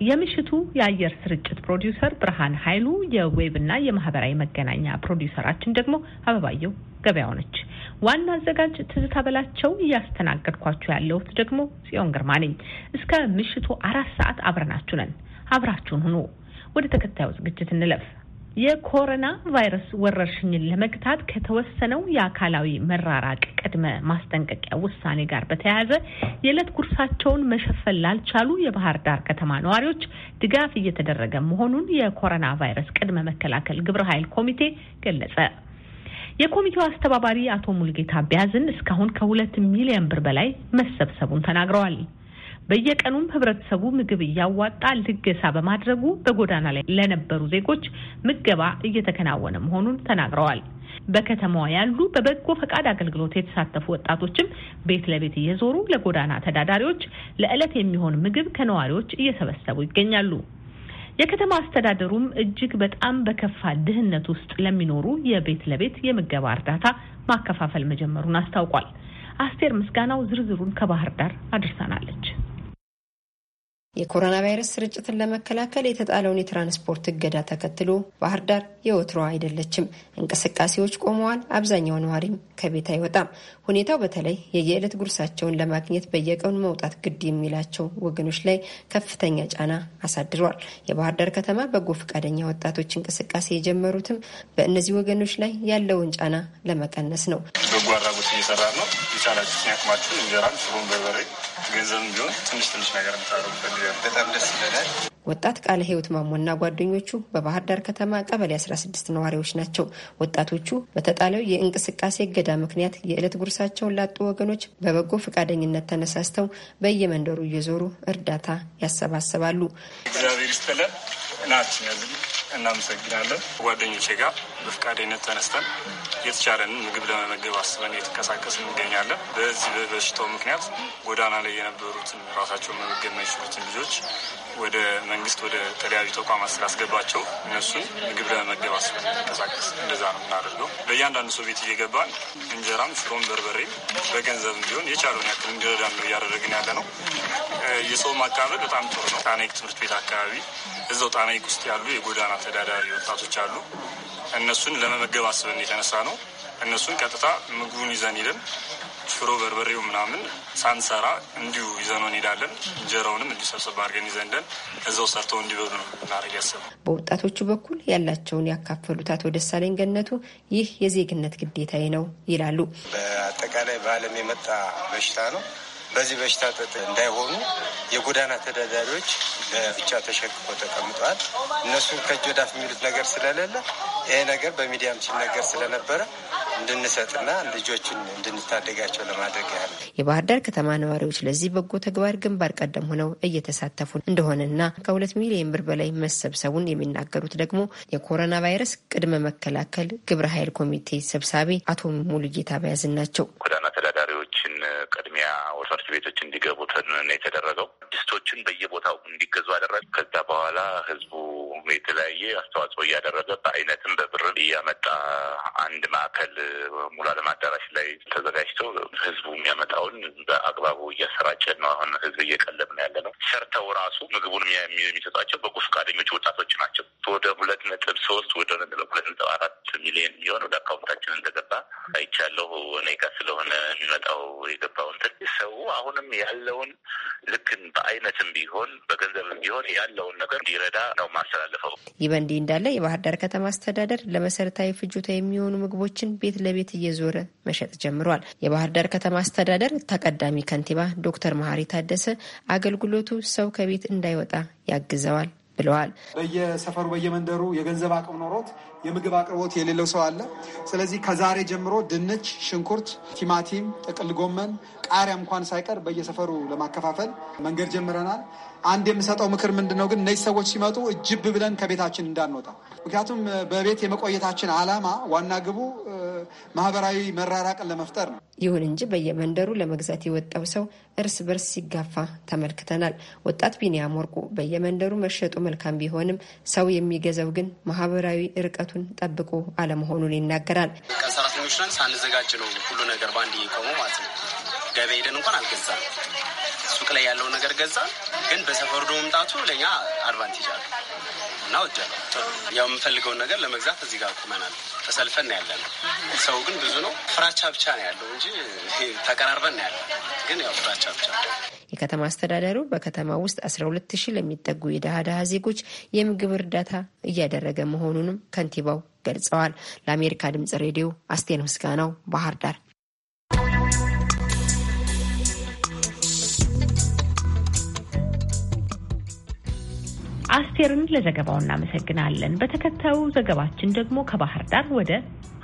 የምሽቱ የአየር ስርጭት ፕሮዲውሰር ብርሃን ኃይሉ፣ የዌብ እና የማህበራዊ መገናኛ ፕሮዲውሰራችን ደግሞ አበባየው ገበያው ነች። ዋና አዘጋጅ ትዝታ በላቸው፣ እያስተናገድኳችሁ ያለሁት ደግሞ ጽዮን ግርማ ነኝ። እስከ ምሽቱ አራት ሰዓት አብረናችሁ ነን። አብራችሁን ሁኑ። ወደ ተከታዩ ዝግጅት እንለፍ። የኮሮና ቫይረስ ወረርሽኝን ለመግታት ከተወሰነው የአካላዊ መራራቅ ቅድመ ማስጠንቀቂያ ውሳኔ ጋር በተያያዘ የዕለት ጉርሳቸውን መሸፈን ላልቻሉ የባህር ዳር ከተማ ነዋሪዎች ድጋፍ እየተደረገ መሆኑን የኮሮና ቫይረስ ቅድመ መከላከል ግብረ ኃይል ኮሚቴ ገለጸ። የኮሚቴው አስተባባሪ አቶ ሙልጌታ ቢያዝን እስካሁን ከሁለት ሚሊዮን ብር በላይ መሰብሰቡን ተናግረዋል። በየቀኑም ህብረተሰቡ ምግብ እያዋጣ ልገሳ በማድረጉ በጎዳና ላይ ለነበሩ ዜጎች ምገባ እየተከናወነ መሆኑን ተናግረዋል። በከተማዋ ያሉ በበጎ ፈቃድ አገልግሎት የተሳተፉ ወጣቶችም ቤት ለቤት እየዞሩ ለጎዳና ተዳዳሪዎች ለዕለት የሚሆን ምግብ ከነዋሪዎች እየሰበሰቡ ይገኛሉ። የከተማ አስተዳደሩም እጅግ በጣም በከፋ ድህነት ውስጥ ለሚኖሩ የቤት ለቤት የምገባ እርዳታ ማከፋፈል መጀመሩን አስታውቋል። አስቴር ምስጋናው ዝርዝሩን ከባህር ዳር አድርሳናለች። የኮሮና ቫይረስ ስርጭትን ለመከላከል የተጣለውን የትራንስፖርት እገዳ ተከትሎ ባህር ዳር የወትሮ አይደለችም። እንቅስቃሴዎች ቆመዋል። አብዛኛው ነዋሪም ከቤት አይወጣም። ሁኔታው በተለይ የየዕለት ጉርሳቸውን ለማግኘት በየቀኑ መውጣት ግድ የሚላቸው ወገኖች ላይ ከፍተኛ ጫና አሳድሯል። የባህር ዳር ከተማ በጎ ፈቃደኛ ወጣቶች እንቅስቃሴ የጀመሩትም በእነዚህ ወገኖች ላይ ያለውን ጫና ለመቀነስ ነው። በጎ አድራጎት እየሰራ ነው። የቻላችሁትን እንጀራን፣ ሽሮን፣ በርበሬ ቢሆን ትንሽ ትንሽ ነገር ምታደርጉበት በጣም ደስ ይለናል። ወጣት ቃለ ሕይወት ማሞና ጓደኞቹ በባህር ዳር ከተማ ቀበሌ 16 ነዋሪዎች ናቸው። ወጣቶቹ በተጣለው የእንቅስቃሴ እገዳ ምክንያት የዕለት ጉርሳቸውን ላጡ ወገኖች በበጎ ፈቃደኝነት ተነሳስተው በየመንደሩ እየዞሩ እርዳታ ያሰባስባሉ። እግዚአብሔር ይስጥልን ናችን እናመሰግናለን። ጓደኞቼ ጋር በፍቃደኝነት ተነስተን የተቻለን ምግብ ለመመገብ አስበን የተንቀሳቀስ እንገኛለን። በዚህ በበሽታው ምክንያት ጎዳና ላይ የነበሩትን ራሳቸውን መመገብ የማይችሉትን ልጆች ወደ መንግስት ወደ ተለያዩ ተቋማት ስላስገባቸው እነሱን ምግብ ለመመገብ አስበን የተንቀሳቀስ እንደዛ ነው የምናደርገው። በእያንዳንዱ ሰው ቤት እየገባን እንጀራም፣ ሽሮም፣ በርበሬ በገንዘብ ቢሆን የቻለውን ያክል እንዲረዳን ነው እያደረግን ያለ ነው። የሰው ማካበል በጣም ጥሩ ነው። ቃኔክ ትምህርት ቤት አካባቢ እዛው ጣናይቅ ውስጥ ያሉ የጎዳና ተዳዳሪ ወጣቶች አሉ። እነሱን ለመመገብ አስበን የተነሳ ነው። እነሱን ቀጥታ ምግቡን ይዘን ሄደን ሽሮ በርበሬው ምናምን ሳንሰራ እንዲሁ ይዘነው እንሄዳለን። እንጀራውንም እንዲሰብሰብ አድርገን ይዘንደን እዛው ሰርተው እንዲበሉ ነው እናደርግ ያሰብ። በወጣቶቹ በኩል ያላቸውን ያካፈሉት አቶ ደሳለኝ ገነቱ ይህ የዜግነት ግዴታዬ ነው ይላሉ። በአጠቃላይ በዓለም የመጣ በሽታ ነው። በዚህ በሽታ ጥጥ እንዳይሆኑ የጎዳና ተዳዳሪዎች ለብቻ ተሸክፎ ተቀምጠዋል። እነሱ ከእጅ ወዳፍ የሚሉት ነገር ስለሌለ ይሄ ነገር በሚዲያም ሲነገር ስለነበረ እንድንሰጥና ልጆችን እንድንታደጋቸው ለማድረግ ያለ የባህር ዳር ከተማ ነዋሪዎች ለዚህ በጎ ተግባር ግንባር ቀደም ሆነው እየተሳተፉ እንደሆነና ከሁለት ሚሊዮን ብር በላይ መሰብሰቡን የሚናገሩት ደግሞ የኮሮና ቫይረስ ቅድመ መከላከል ግብረ ኃይል ኮሚቴ ሰብሳቢ አቶ ሙሉጌታ በያዝን ናቸው። ጎዳና ተዳዳሪዎችን ቅድሚያ ፍርድ ቤቶች እንዲገቡ ነው የተደረገው። ድስቶችን በየቦታው እንዲገዙ አደረገ። ከዛ በኋላ ህዝቡ የተለያየ አስተዋጽኦ እያደረገ በአይነትም በብር እያመጣ አንድ ማዕከል ሙሉ ዓለም አዳራሽ ላይ ተዘጋጅቶ ህዝቡ የሚያመጣውን በአግባቡ እያሰራጨ ነው። አሁን ህዝብ እየቀለብ ነው ያለ ነው። ሰርተው ራሱ ምግቡን የሚሰጧቸው በጎ ፈቃደኞች ወጣቶች ናቸው። ወደ ሁለት ነጥብ ሶስት ወደ ሁለት ነጥብ አራት ሚሊዮን የሚሆን ወደ አካውንታችን እንደገባ አይቻለሁ። እኔ ጋ ስለሆነ የሚመጣው የገባው እንትን ሰው አሁንም ያለውን ልክን በአይነትም ቢሆን በገንዘብም ቢሆን ያለውን ነገር እንዲረዳ ነው ማስተላለፈው። ይህ በእንዲህ እንዳለ የባህር ዳር ከተማ አስተዳደር ለመሰረታዊ ፍጆታ የሚሆኑ ምግቦችን ቤት ለቤት እየዞረ መሸጥ ጀምሯል። የባህር ዳር ከተማ አስተዳደር ተቀዳሚ ከንቲባ ዶክተር መሀሪ ታደሰ አገልግሎቱ ሰው ከቤት እንዳይወጣ ያግዘዋል ብለዋል። በየሰፈሩ በየመንደሩ የገንዘብ አቅም ኖሮት የምግብ አቅርቦት የሌለው ሰው አለ። ስለዚህ ከዛሬ ጀምሮ ድንች፣ ሽንኩርት፣ ቲማቲም፣ ጥቅል ጎመን፣ ቃሪያ እንኳን ሳይቀር በየሰፈሩ ለማከፋፈል መንገድ ጀምረናል። አንድ የምሰጠው ምክር ምንድን ነው ግን እነዚህ ሰዎች ሲመጡ እጅብ ብለን ከቤታችን እንዳንወጣ። ምክንያቱም በቤት የመቆየታችን ዓላማ ዋና ግቡ ማህበራዊ መራራቅን ለመፍጠር ነው። ይሁን እንጂ በየመንደሩ ለመግዛት የወጣው ሰው እርስ በርስ ሲጋፋ ተመልክተናል። ወጣት ቢኒያም ወርቁ በየመንደሩ መሸጡ መልካም ቢሆንም ሰው የሚገዛው ግን ማህበራዊ ርቀቱን ጠብቆ አለመሆኑን ይናገራል። ከሰራተኞች ሳንዘጋጅ ነው ሁሉ ነገር በአንድ ቆሞ ማለት ነው ገበያ ሄደን እንኳን አልገዛም። ሱቅ ላይ ያለውን ነገር ገዛ። ግን ዶ መምጣቱ ለእኛ አድቫንቴጅ አለ እና ወጀ ያው የምፈልገውን ነገር ለመግዛት እዚህ ጋር ቁመናል። ተሰልፈን ያለ ነው። ሰው ግን ብዙ ነው። ፍራቻ ብቻ ነው ያለው እንጂ ተቀራርበን ያለ ግን ያው ፍራቻ ብቻ የከተማ አስተዳደሩ በከተማ ውስጥ 12 ሺህ ለሚጠጉ የደሃ ደሃ ዜጎች የምግብ እርዳታ እያደረገ መሆኑንም ከንቲባው ገልጸዋል። ለአሜሪካ ድምጽ ሬዲዮ አስቴር ምስጋናው ባህር ዳር አስቴርን ለዘገባው እናመሰግናለን። በተከታዩ ዘገባችን ደግሞ ከባህር ዳር ወደ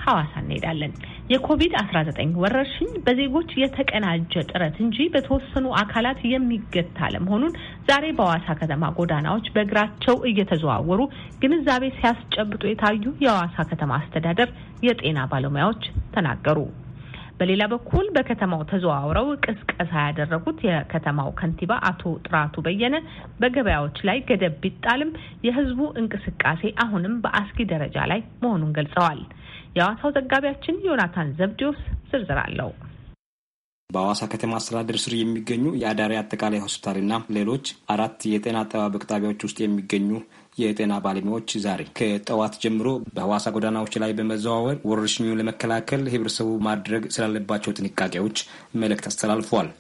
ሐዋሳ እንሄዳለን። የኮቪድ-19 ወረርሽኝ በዜጎች የተቀናጀ ጥረት እንጂ በተወሰኑ አካላት የሚገታ ለመሆኑን ዛሬ በሐዋሳ ከተማ ጎዳናዎች በእግራቸው እየተዘዋወሩ ግንዛቤ ሲያስጨብጡ የታዩ የሐዋሳ ከተማ አስተዳደር የጤና ባለሙያዎች ተናገሩ። በሌላ በኩል በከተማው ተዘዋውረው ቅስቀሳ ያደረጉት የከተማው ከንቲባ አቶ ጥራቱ በየነ በገበያዎች ላይ ገደብ ቢጣልም የሕዝቡ እንቅስቃሴ አሁንም በአስጊ ደረጃ ላይ መሆኑን ገልጸዋል። የሐዋሳው ዘጋቢያችን ዮናታን ዘብዲዮስ ዝርዝር አለው። በሐዋሳ ከተማ አስተዳደር ስር የሚገኙ የአዳሪ አጠቃላይ ሆስፒታልና ሌሎች አራት የጤና አጠባበቅ ጣቢያዎች ውስጥ የሚገኙ የጤና ባለሙያዎች ዛሬ ከጠዋት ጀምሮ በሐዋሳ ጎዳናዎች ላይ በመዘዋወር ወረርሽኙን ለመከላከል ህብረተሰቡ ማድረግ ስላለባቸው ጥንቃቄዎች መልእክት አስተላልፏል።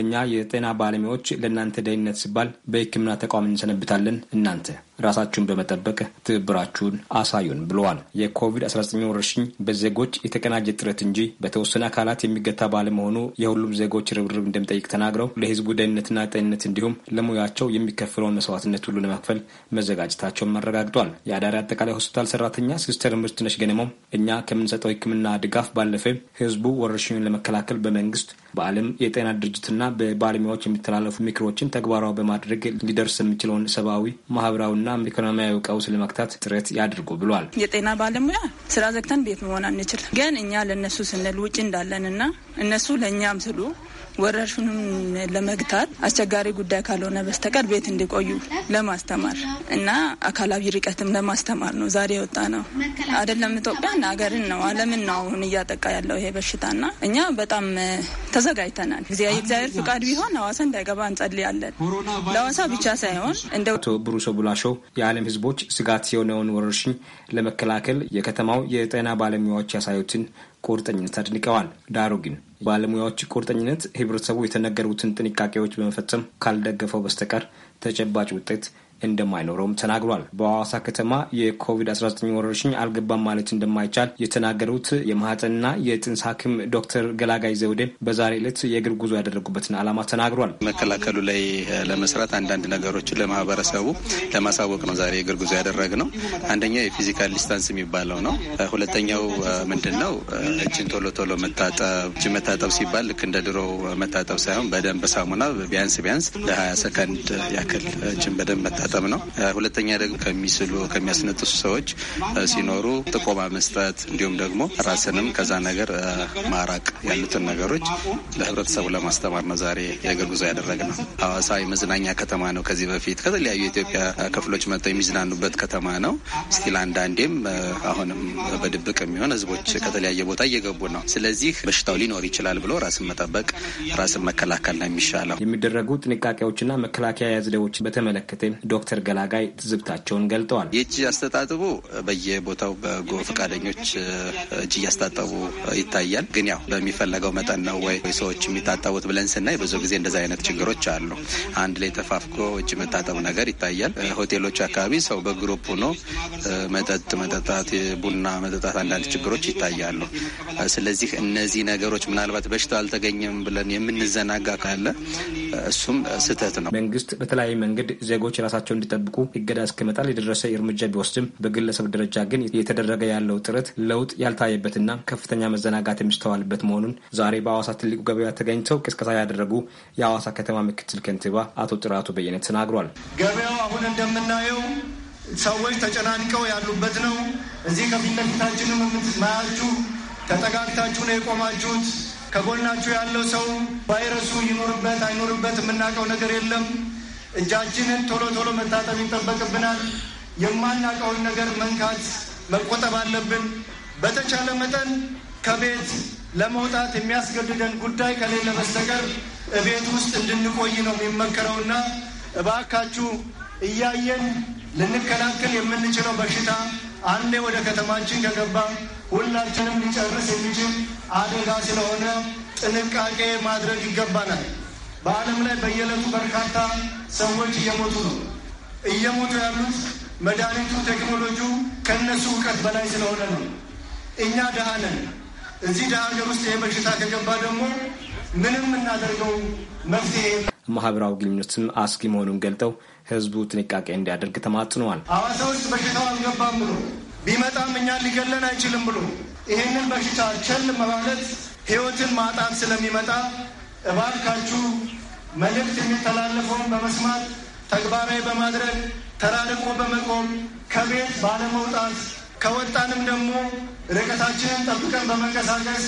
እኛ የጤና ባለሙያዎች ለእናንተ ደህንነት ሲባል በሕክምና ተቋም እንሰነብታለን። እናንተ ራሳችሁን በመጠበቅ ትብብራችሁን አሳዩን ብለዋል። የኮቪድ-19 ወረርሽኝ በዜጎች የተቀናጀ ጥረት እንጂ በተወሰነ አካላት የሚገታ ባለመሆኑ የሁሉም ዜጎች ርብርብ እንደሚጠይቅ ተናግረው ለህዝቡ ደህንነትና ጤንነት እንዲሁም ለሙያቸው የሚከፍለውን መስዋዕትነት ሁሉ ለመክፈል መዘጋጀታቸውን አረጋግጧል። የአዳሪ አጠቃላይ ሆስፒታል ሰራተኛ ሲስተር ምርትነሽ ገነመው እኛ ከምንሰጠው ህክምና ድጋፍ ባለፈ ህዝቡ ወረርሽኙን ለመከላከል በመንግስት በዓለም የጤና ድርጅትና በባለሙያዎች የሚተላለፉ ምክሮችን ተግባራዊ በማድረግ ሊደርስ የሚችለውን ሰብአዊ ማህበራዊና የተሞላም ኢኮኖሚያዊ ቀውስ ለመግታት ጥረት ያድርጉ ብሏል። የጤና ባለሙያ ስራ ዘግተን ቤት መሆን አንችልም፣ ግን እኛ ለእነሱ ስንል ውጭ እንዳለንና እነሱ ለእኛም ስሉ ወረርሽኑን ለመግታት አስቸጋሪ ጉዳይ ካልሆነ በስተቀር ቤት እንዲቆዩ ለማስተማር እና አካላዊ ርቀትም ለማስተማር ነው ዛሬ የወጣ ነው። አይደለም ኢትዮጵያን ሀገርን ነው ዓለምን ነው አሁን እያጠቃ ያለው ይሄ በሽታና እኛ በጣም ተዘጋጅተናል። የእግዚአብሔር ፍቃድ ቢሆን ሐዋሳ እንዳይገባ እንጸልያለን። ለሐዋሳ ብቻ ሳይሆን እንደ አቶ ብሩሶ ቡላሾ የዓለም ህዝቦች ስጋት የሆነውን ወረርሽኝ ለመከላከል የከተማው የጤና ባለሙያዎች ያሳዩትን ቁርጠኝነት አድንቀዋል። ዳሩ ግን ባለሙያዎች ቁርጠኝነት ህብረተሰቡ የተነገሩትን ጥንቃቄዎች በመፈጸም ካልደገፈው በስተቀር ተጨባጭ ውጤት እንደማይኖረውም ተናግሯል። በሐዋሳ ከተማ የኮቪድ-19 ወረርሽኝ አልገባም ማለት እንደማይቻል የተናገሩት የማህፀንና የጽንስ ሐኪም ዶክተር ገላጋይ ዘውዴ በዛሬ ዕለት የእግር ጉዞ ያደረጉበትን ዓላማ ተናግሯል። መከላከሉ ላይ ለመስራት አንዳንድ ነገሮችን ለማህበረሰቡ ለማሳወቅ ነው ዛሬ የእግር ጉዞ ያደረግ ነው። አንደኛው የፊዚካል ዲስታንስ የሚባለው ነው። ሁለተኛው ምንድን ነው? እጅን ቶሎ ቶሎ መታጠብ። እጅ መታጠብ ሲባል ልክ እንደ ድሮ መታጠብ ሳይሆን በደንብ ሳሙና ቢያንስ ቢያንስ ለ20 ሰከንድ ያክል እጅን በደንብ መታጠብ ማጋጠም ነው። ሁለተኛ ደግሞ ከሚስሉ ከሚያስነጥሱ ሰዎች ሲኖሩ ጥቆማ መስጠት፣ እንዲሁም ደግሞ ራስንም ከዛ ነገር ማራቅ ያሉትን ነገሮች ለህብረተሰቡ ለማስተማር ነው ዛሬ የእግር ጉዞ ያደረግ ነው። ሐዋሳ የመዝናኛ ከተማ ነው። ከዚህ በፊት ከተለያዩ የኢትዮጵያ ክፍሎች መጥተው የሚዝናኑበት ከተማ ነው። ስቲል አንዳንዴም አሁንም በድብቅ የሚሆን ህዝቦች ከተለያየ ቦታ እየገቡ ነው። ስለዚህ በሽታው ሊኖር ይችላል ብሎ ራስን መጠበቅ፣ ራስን መከላከል ነው የሚሻለው። የሚደረጉ ጥንቃቄዎችና መከላከያ ዘዴዎችን በተመለከተ ዶክተር ገላጋይ ትዝብታቸውን ገልጠዋል። የእጅ አስተጣጥቡ በየቦታው በጎ ፈቃደኞች እጅ እያስታጠቡ ይታያል። ግን ያው በሚፈለገው መጠን ነው ወይ ሰዎች የሚታጠቡት ብለን ስናይ ብዙ ጊዜ እንደዚ አይነት ችግሮች አሉ። አንድ ላይ ተፋፍጎ እጅ መታጠቡ ነገር ይታያል። ሆቴሎች አካባቢ ሰው በግሩፕ ሆኖ መጠጥ መጠጣት፣ ቡና መጠጣት አንዳንድ ችግሮች ይታያሉ። ስለዚህ እነዚህ ነገሮች ምናልባት በሽታው አልተገኘም ብለን የምንዘናጋ ካለ እሱም ስህተት ነው። መንግስት በተለያዩ መንገድ ዜጎች ራሳቸው መብታቸው እንዲጠብቁ እገዳ እስከመጣል የደረሰ እርምጃ ቢወስድም በግለሰብ ደረጃ ግን የተደረገ ያለው ጥረት ለውጥ ያልታየበትና ከፍተኛ መዘናጋት የሚስተዋልበት መሆኑን ዛሬ በአዋሳ ትልቁ ገበያ ተገኝተው ቅስቀሳ ያደረጉ የአዋሳ ከተማ ምክትል ከንቲባ አቶ ጥራቱ በየነ ተናግሯል። ገበያው አሁን እንደምናየው ሰዎች ተጨናንቀው ያሉበት ነው። እዚህ ከፊትለፊታችንም የምትማያችሁ ተጠጋግታችሁ ነው የቆማችሁት። ከጎናችሁ ያለው ሰው ቫይረሱ ይኖርበት አይኖርበት የምናውቀው ነገር የለም እጃችንን ቶሎ ቶሎ መታጠብ ይጠበቅብናል። የማናውቀውን ነገር መንካት መቆጠብ አለብን። በተቻለ መጠን ከቤት ለመውጣት የሚያስገድደን ጉዳይ ከሌለ በስተቀር ቤት ውስጥ እንድንቆይ ነው የሚመከረውና እባካችሁ እያየን ልንከላከል የምንችለው በሽታ አንዴ ወደ ከተማችን ከገባ ሁላችንም ሊጨርስ የሚችል አደጋ ስለሆነ ጥንቃቄ ማድረግ ይገባናል። በዓለም ላይ በየዕለቱ በርካታ ሰዎች እየሞቱ ነው። እየሞቱ ያሉት መድኃኒቱ ቴክኖሎጂው ከእነሱ እውቀት በላይ ስለሆነ ነው። እኛ ድሃ ነን። እዚህ ድሃ ሀገር ውስጥ ይሄ በሽታ ከገባ ደግሞ ምንም እናደርገው መፍትሄ ማህበራዊ ግንኙነትም አስጊ መሆኑን ገልጠው ህዝቡ ጥንቃቄ እንዲያደርግ ተማጽነዋል። ሐዋሳ ውስጥ በሽታው አልገባም ብሎ ቢመጣም እኛ ሊገለን አይችልም ብሎ ይህንን በሽታ ቸል ማለት ህይወትን ማጣት ስለሚመጣ እባካችሁ መልእክት የሚተላለፈውን በመስማት ተግባራዊ በማድረግ ተራርቆ በመቆም ከቤት ባለመውጣት ከወጣንም ደግሞ ርቀታችንን ጠብቀን በመንቀሳቀስ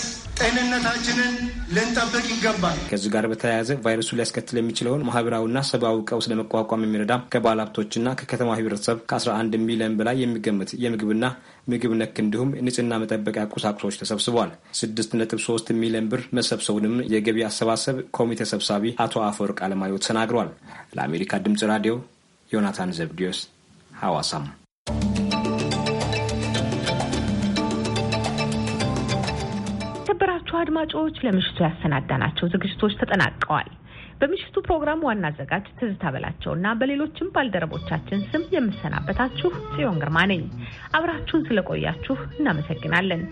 ጤንነታችንን ልንጠብቅ ይገባል። ከዚህ ጋር በተያያዘ ቫይረሱ ሊያስከትል የሚችለውን ማህበራዊና ሰብአዊ ቀውስ ለመቋቋም የሚረዳ ከባለ ሀብቶችና ከከተማ ህብረተሰብ ከ11 ሚሊዮን በላይ የሚገምት የምግብና ምግብ ነክ እንዲሁም ንጽህና መጠበቂያ ቁሳቁሶች ተሰብስቧል። 6.3 ሚሊዮን ብር መሰብሰቡንም የገቢ አሰባሰብ ኮሚቴ ሰብሳቢ አቶ አፈወርቅ አለማየሁ ተናግሯል። ለአሜሪካ ድምጽ ራዲዮ ዮናታን ዘብዲዮስ ሐዋሳም የተከበራችሁ አድማጮች ለምሽቱ ያሰናዳናቸው ዝግጅቶች ተጠናቀዋል። በምሽቱ ፕሮግራም ዋና አዘጋጅ ትዝታ በላቸውና በሌሎችም ባልደረቦቻችን ስም የምሰናበታችሁ ጽዮን ግርማ ነኝ። አብራችሁን ስለቆያችሁ እናመሰግናለን።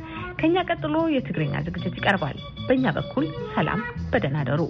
ከእኛ ቀጥሎ የትግርኛ ዝግጅት ይቀርባል። በእኛ በኩል ሰላም፣ በደህና ደሩ።